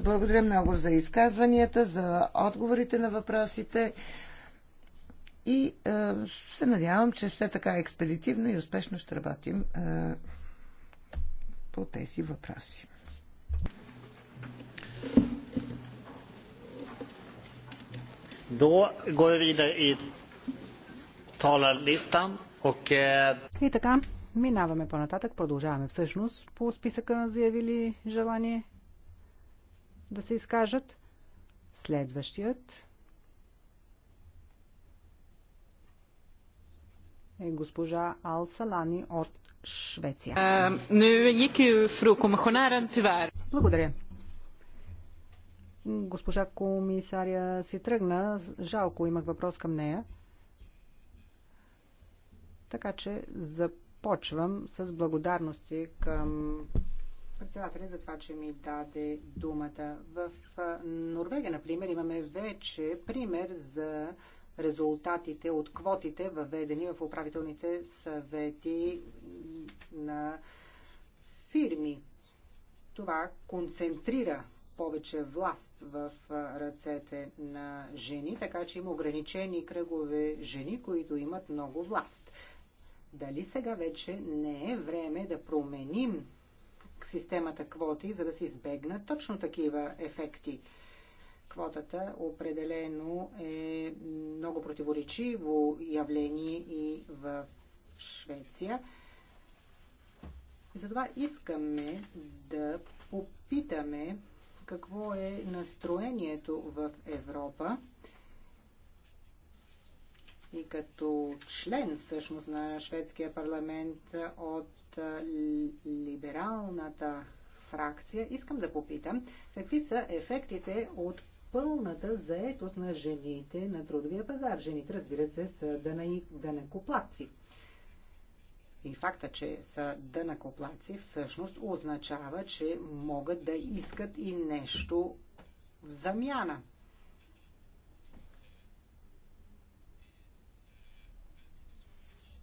Благодаря много за изказванията, за отговорите на въпросите и се надявам, че все така експедитивно и успешно ще работим по тези въпроси. Då går vi vidare eh, и така, минаваме по-нататък, продължаваме всъщност по списъка заявили желание да се изкажат. Следващият е госпожа Ал Салани от Швеция. Е, Благодаря. Госпожа комисаря си тръгна. Жалко, имах въпрос към нея. Така че започвам с благодарности към председателя за това, че ми даде думата. В Норвегия, например, имаме вече пример за резултатите от квотите, въведени в управителните съвети на фирми. Това концентрира повече власт в ръцете на жени, така че има ограничени кръгове жени, които имат много власт. Дали сега вече не е време да променим системата квоти, за да се избегнат точно такива ефекти? Квотата определено е много противоречиво явление и в Швеция. Затова искаме да попитаме какво е настроението в Европа. И като член всъщност на шведския парламент от либералната фракция, искам да попитам какви са ефектите от пълната заетост на жените на трудовия пазар. Жените, разбира се, са данакоплаци. Да и факта, че са дънакоплаци, всъщност означава, че могат да искат и нещо в замяна.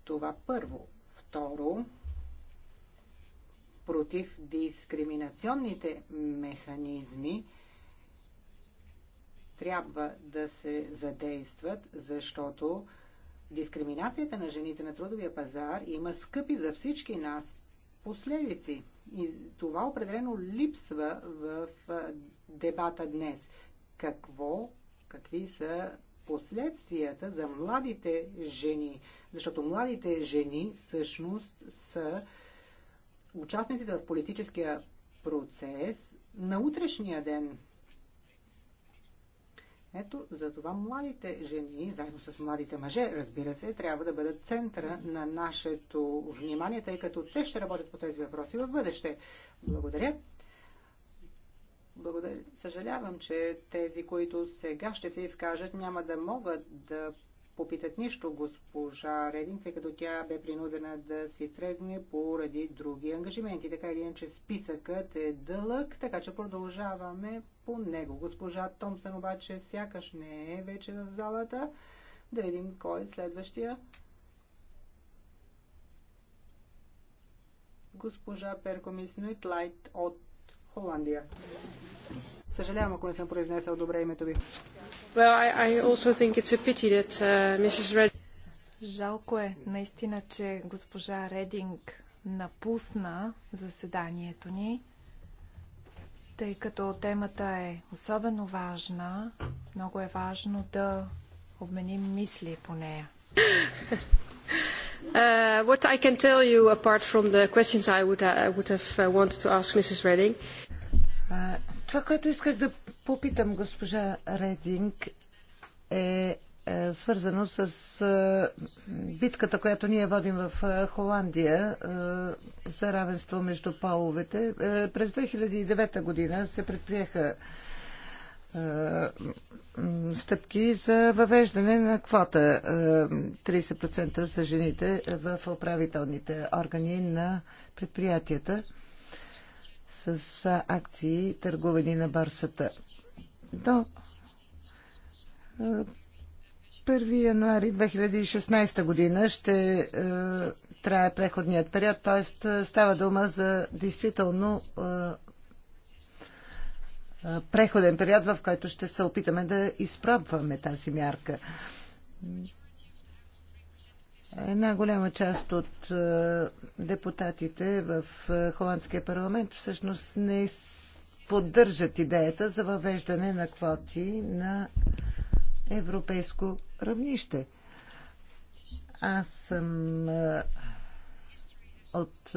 Това първо. Второ, против дискриминационните механизми трябва да се задействат, защото Дискриминацията на жените на трудовия пазар има скъпи за всички нас последици. И това определено липсва в дебата днес. Какво, какви са последствията за младите жени? Защото младите жени всъщност са участниците в политическия процес на утрешния ден – ето, затова младите жени, заедно с младите мъже, разбира се, трябва да бъдат центъра на нашето внимание, тъй като те ще работят по тези въпроси в бъдеще. Благодаря. Благодаря. Съжалявам, че тези, които сега ще се изкажат, няма да могат да попитат нищо госпожа Рединг, тъй като тя бе принудена да си тръгне поради други ангажименти. Така или иначе списъкът е дълъг, така че продължаваме по него. Госпожа Томсън обаче сякаш не е вече в залата. Да видим кой е следващия. Госпожа Перкомис Лайт от Холандия. Съжалявам, ако не съм произнесъл добре името ви. Well, I, I also think it's a pity that uh, Mrs. Red... Жалко е наистина, че госпожа Рединг напусна заседанието ни, тъй като темата е особено важна. Много е важно да обменим мисли по нея. Uh, what I can tell you, apart from the questions I would, I would have wanted to ask Mrs. Redding, това, което исках да попитам госпожа Рединг е, е свързано с е, битката, която ние водим в е, Холандия за равенство между половете. През 2009 година се предприеха стъпки за въвеждане на квота 30% за жените в управителните органи на предприятията с акции, търгувани на барсата. До 1 януари 2016 година ще трае преходният период, т.е. става дума за действително преходен период, в който ще се опитаме да изпробваме тази мярка. Една голяма част от е, депутатите в е, Холандския парламент всъщност не поддържат идеята за въвеждане на квоти на европейско равнище. Аз съм е, от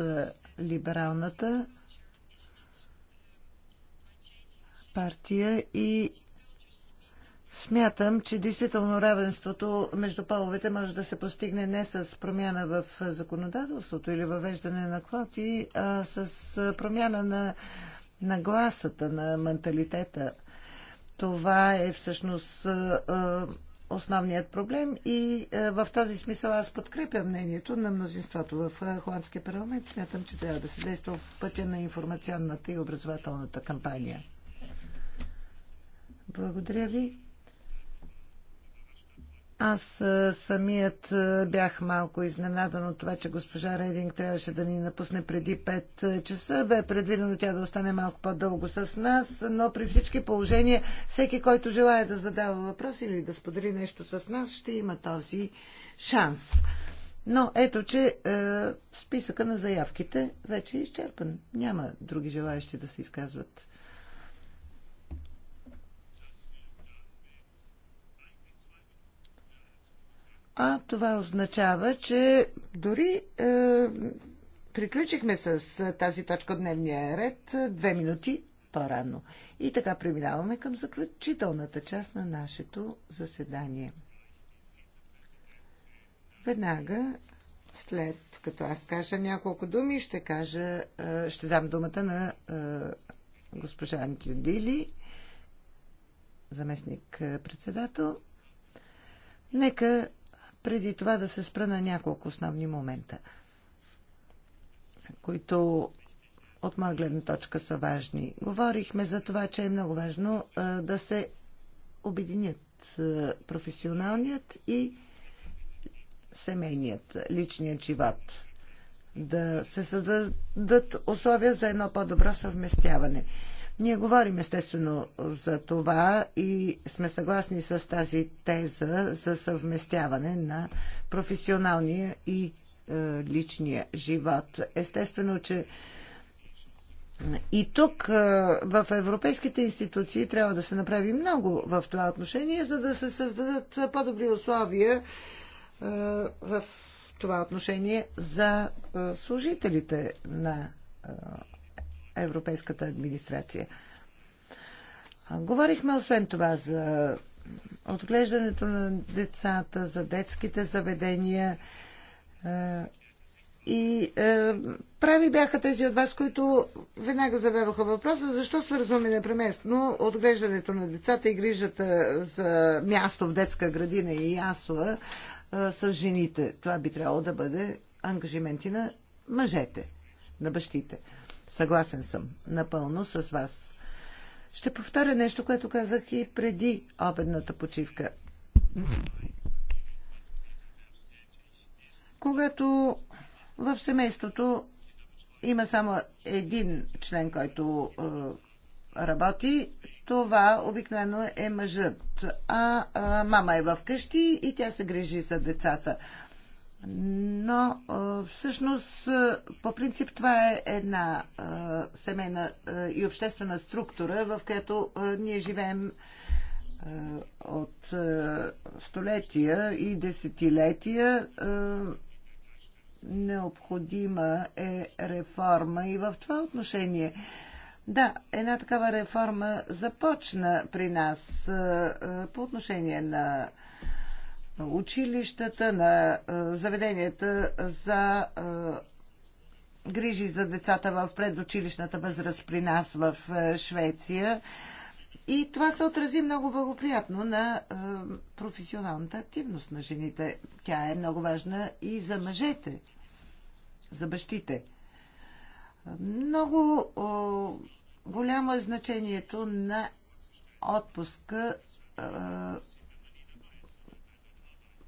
либералната партия и Смятам, че действително равенството между половете може да се постигне не с промяна в законодателството или въвеждане на квоти, а с промяна на гласата на менталитета. Това е всъщност основният проблем и в този смисъл аз подкрепям мнението на мнозинството в Холандския парламент. Смятам, че трябва да се действа в пътя на информационната и образователната кампания. Благодаря ви. Аз самият бях малко изненадан от това, че госпожа Рейдинг трябваше да ни напусне преди 5 часа. Бе предвидено тя да остане малко по-дълго с нас, но при всички положения всеки, който желая да задава въпрос или да сподели нещо с нас, ще има този шанс. Но ето, че е, списъка на заявките вече е изчерпан. Няма други желаящи да се изказват. А това означава, че дори е, приключихме с е, тази точка от дневния ред е, две минути по-рано. И така преминаваме към заключителната част на нашето заседание. Веднага, след като аз кажа няколко думи, ще, кажа, е, ще дам думата на госпожа Антюдили, заместник-председател. Нека преди това да се спра на няколко основни момента, които от моя гледна точка са важни. Говорихме за това, че е много важно да се обединят професионалният и семейният, личният живот. Да се създадат условия за едно по-добро съвместяване. Ние говорим естествено за това и сме съгласни с тази теза за съвместяване на професионалния и е, личния живот. Естествено, че и тук е, в европейските институции трябва да се направи много в това отношение, за да се създадат по-добри условия е, в това отношение за е, служителите на европейската администрация. Говорихме освен това за отглеждането на децата, за детските заведения. И прави бяха тези от вас, които веднага зададоха въпроса, защо свързваме непреместно отглеждането на децата и грижата за място в детска градина и ясла с жените. Това би трябвало да бъде ангажименти на мъжете, на бащите. Съгласен съм напълно с вас. Ще повторя нещо, което казах и преди обедната почивка. Когато в семейството има само един член, който е, работи, това обикновено е мъжът. А, а мама е в къщи и тя се грижи за децата. Но всъщност по принцип това е една семейна и обществена структура, в която ние живеем от столетия и десетилетия. Необходима е реформа и в това отношение. Да, една такава реформа започна при нас по отношение на на училищата, на заведенията за грижи за децата в предучилищната възраст при нас в Швеция. И това се отрази много благоприятно на професионалната активност на жените. Тя е много важна и за мъжете, за бащите. Много голямо е значението на отпуска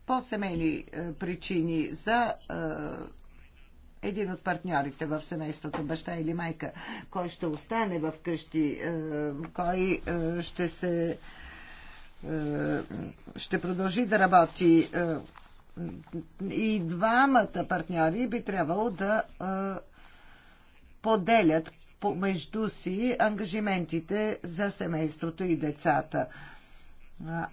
по семейни е, причини за е, един от партньорите в семейството, баща или майка, кой ще остане в къщи, е, кой ще се ще продължи да работи и двамата партньори би трябвало да поделят помежду си ангажиментите за семейството и децата.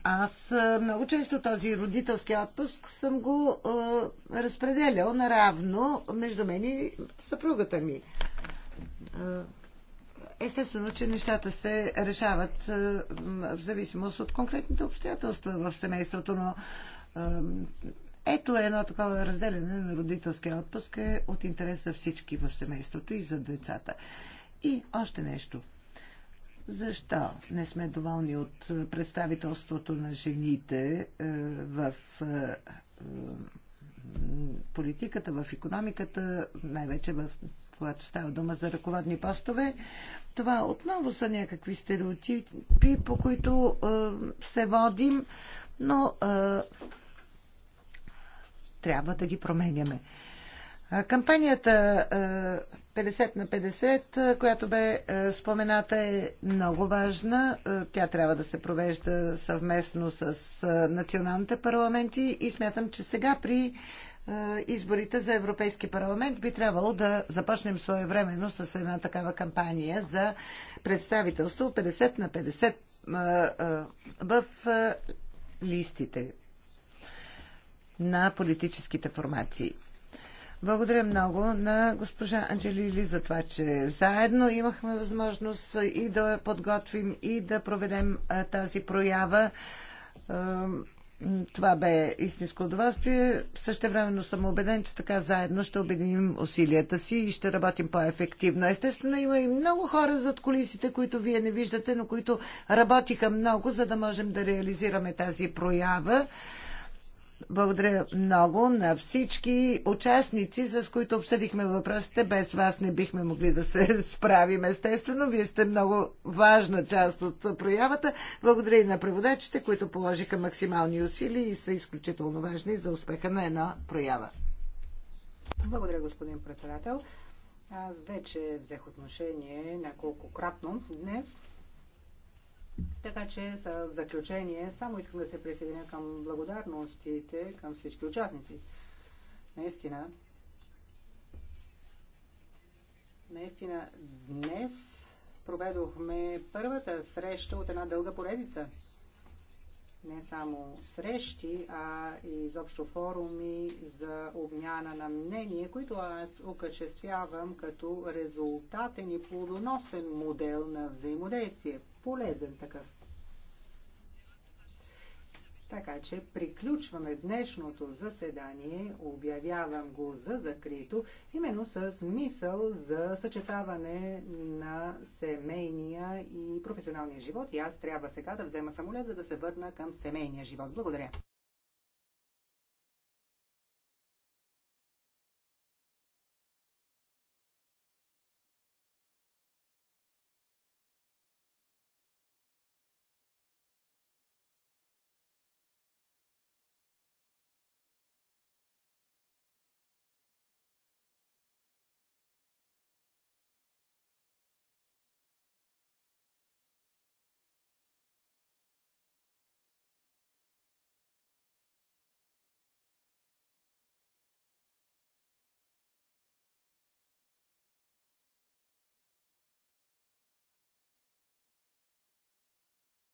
Аз много често този родителски отпуск съм го е, разпределял наравно между мен и съпругата ми. Естествено, че нещата се решават е, в зависимост от конкретните обстоятелства в семейството, но е, ето едно такова разделяне на родителския отпуск е от интерес за всички в семейството и за децата. И още нещо. Защо не сме доволни от представителството на жените е, в е, политиката, в економиката, най-вече в, когато става дума за ръководни постове, това отново са някакви стереотипи, по които е, се водим, но е, трябва да ги променяме. Кампанията 50 на 50, която бе спомената, е много важна. Тя трябва да се провежда съвместно с националните парламенти и смятам, че сега при изборите за Европейски парламент би трябвало да започнем своевременно с една такава кампания за представителство 50 на 50 в листите на политическите формации. Благодаря много на госпожа Анджелили за това, че заедно имахме възможност и да подготвим и да проведем тази проява. Това бе истинско удоволствие. времено съм убеден, че така заедно ще обединим усилията си и ще работим по-ефективно. Естествено, има и много хора зад колисите, които вие не виждате, но които работиха много, за да можем да реализираме тази проява. Благодаря много на всички участници, с които обсъдихме въпросите. Без вас не бихме могли да се [laughs] справим, естествено. Вие сте много важна част от проявата. Благодаря и на преводачите, които положиха максимални усилия и са изключително важни за успеха на една проява. Благодаря, господин председател. Аз вече взех отношение няколко кратно днес така че в заключение само искам да се присъединя към благодарностите към всички участници. Наистина, наистина днес проведохме първата среща от една дълга поредица. Не само срещи, а и изобщо форуми за обмяна на мнение, които аз окачествявам като резултатен и плодоносен модел на взаимодействие – полезен такъв. Така че приключваме днешното заседание, обявявам го за закрито, именно с мисъл за съчетаване на семейния и професионалния живот. И аз трябва сега да взема самолет, за да се върна към семейния живот. Благодаря.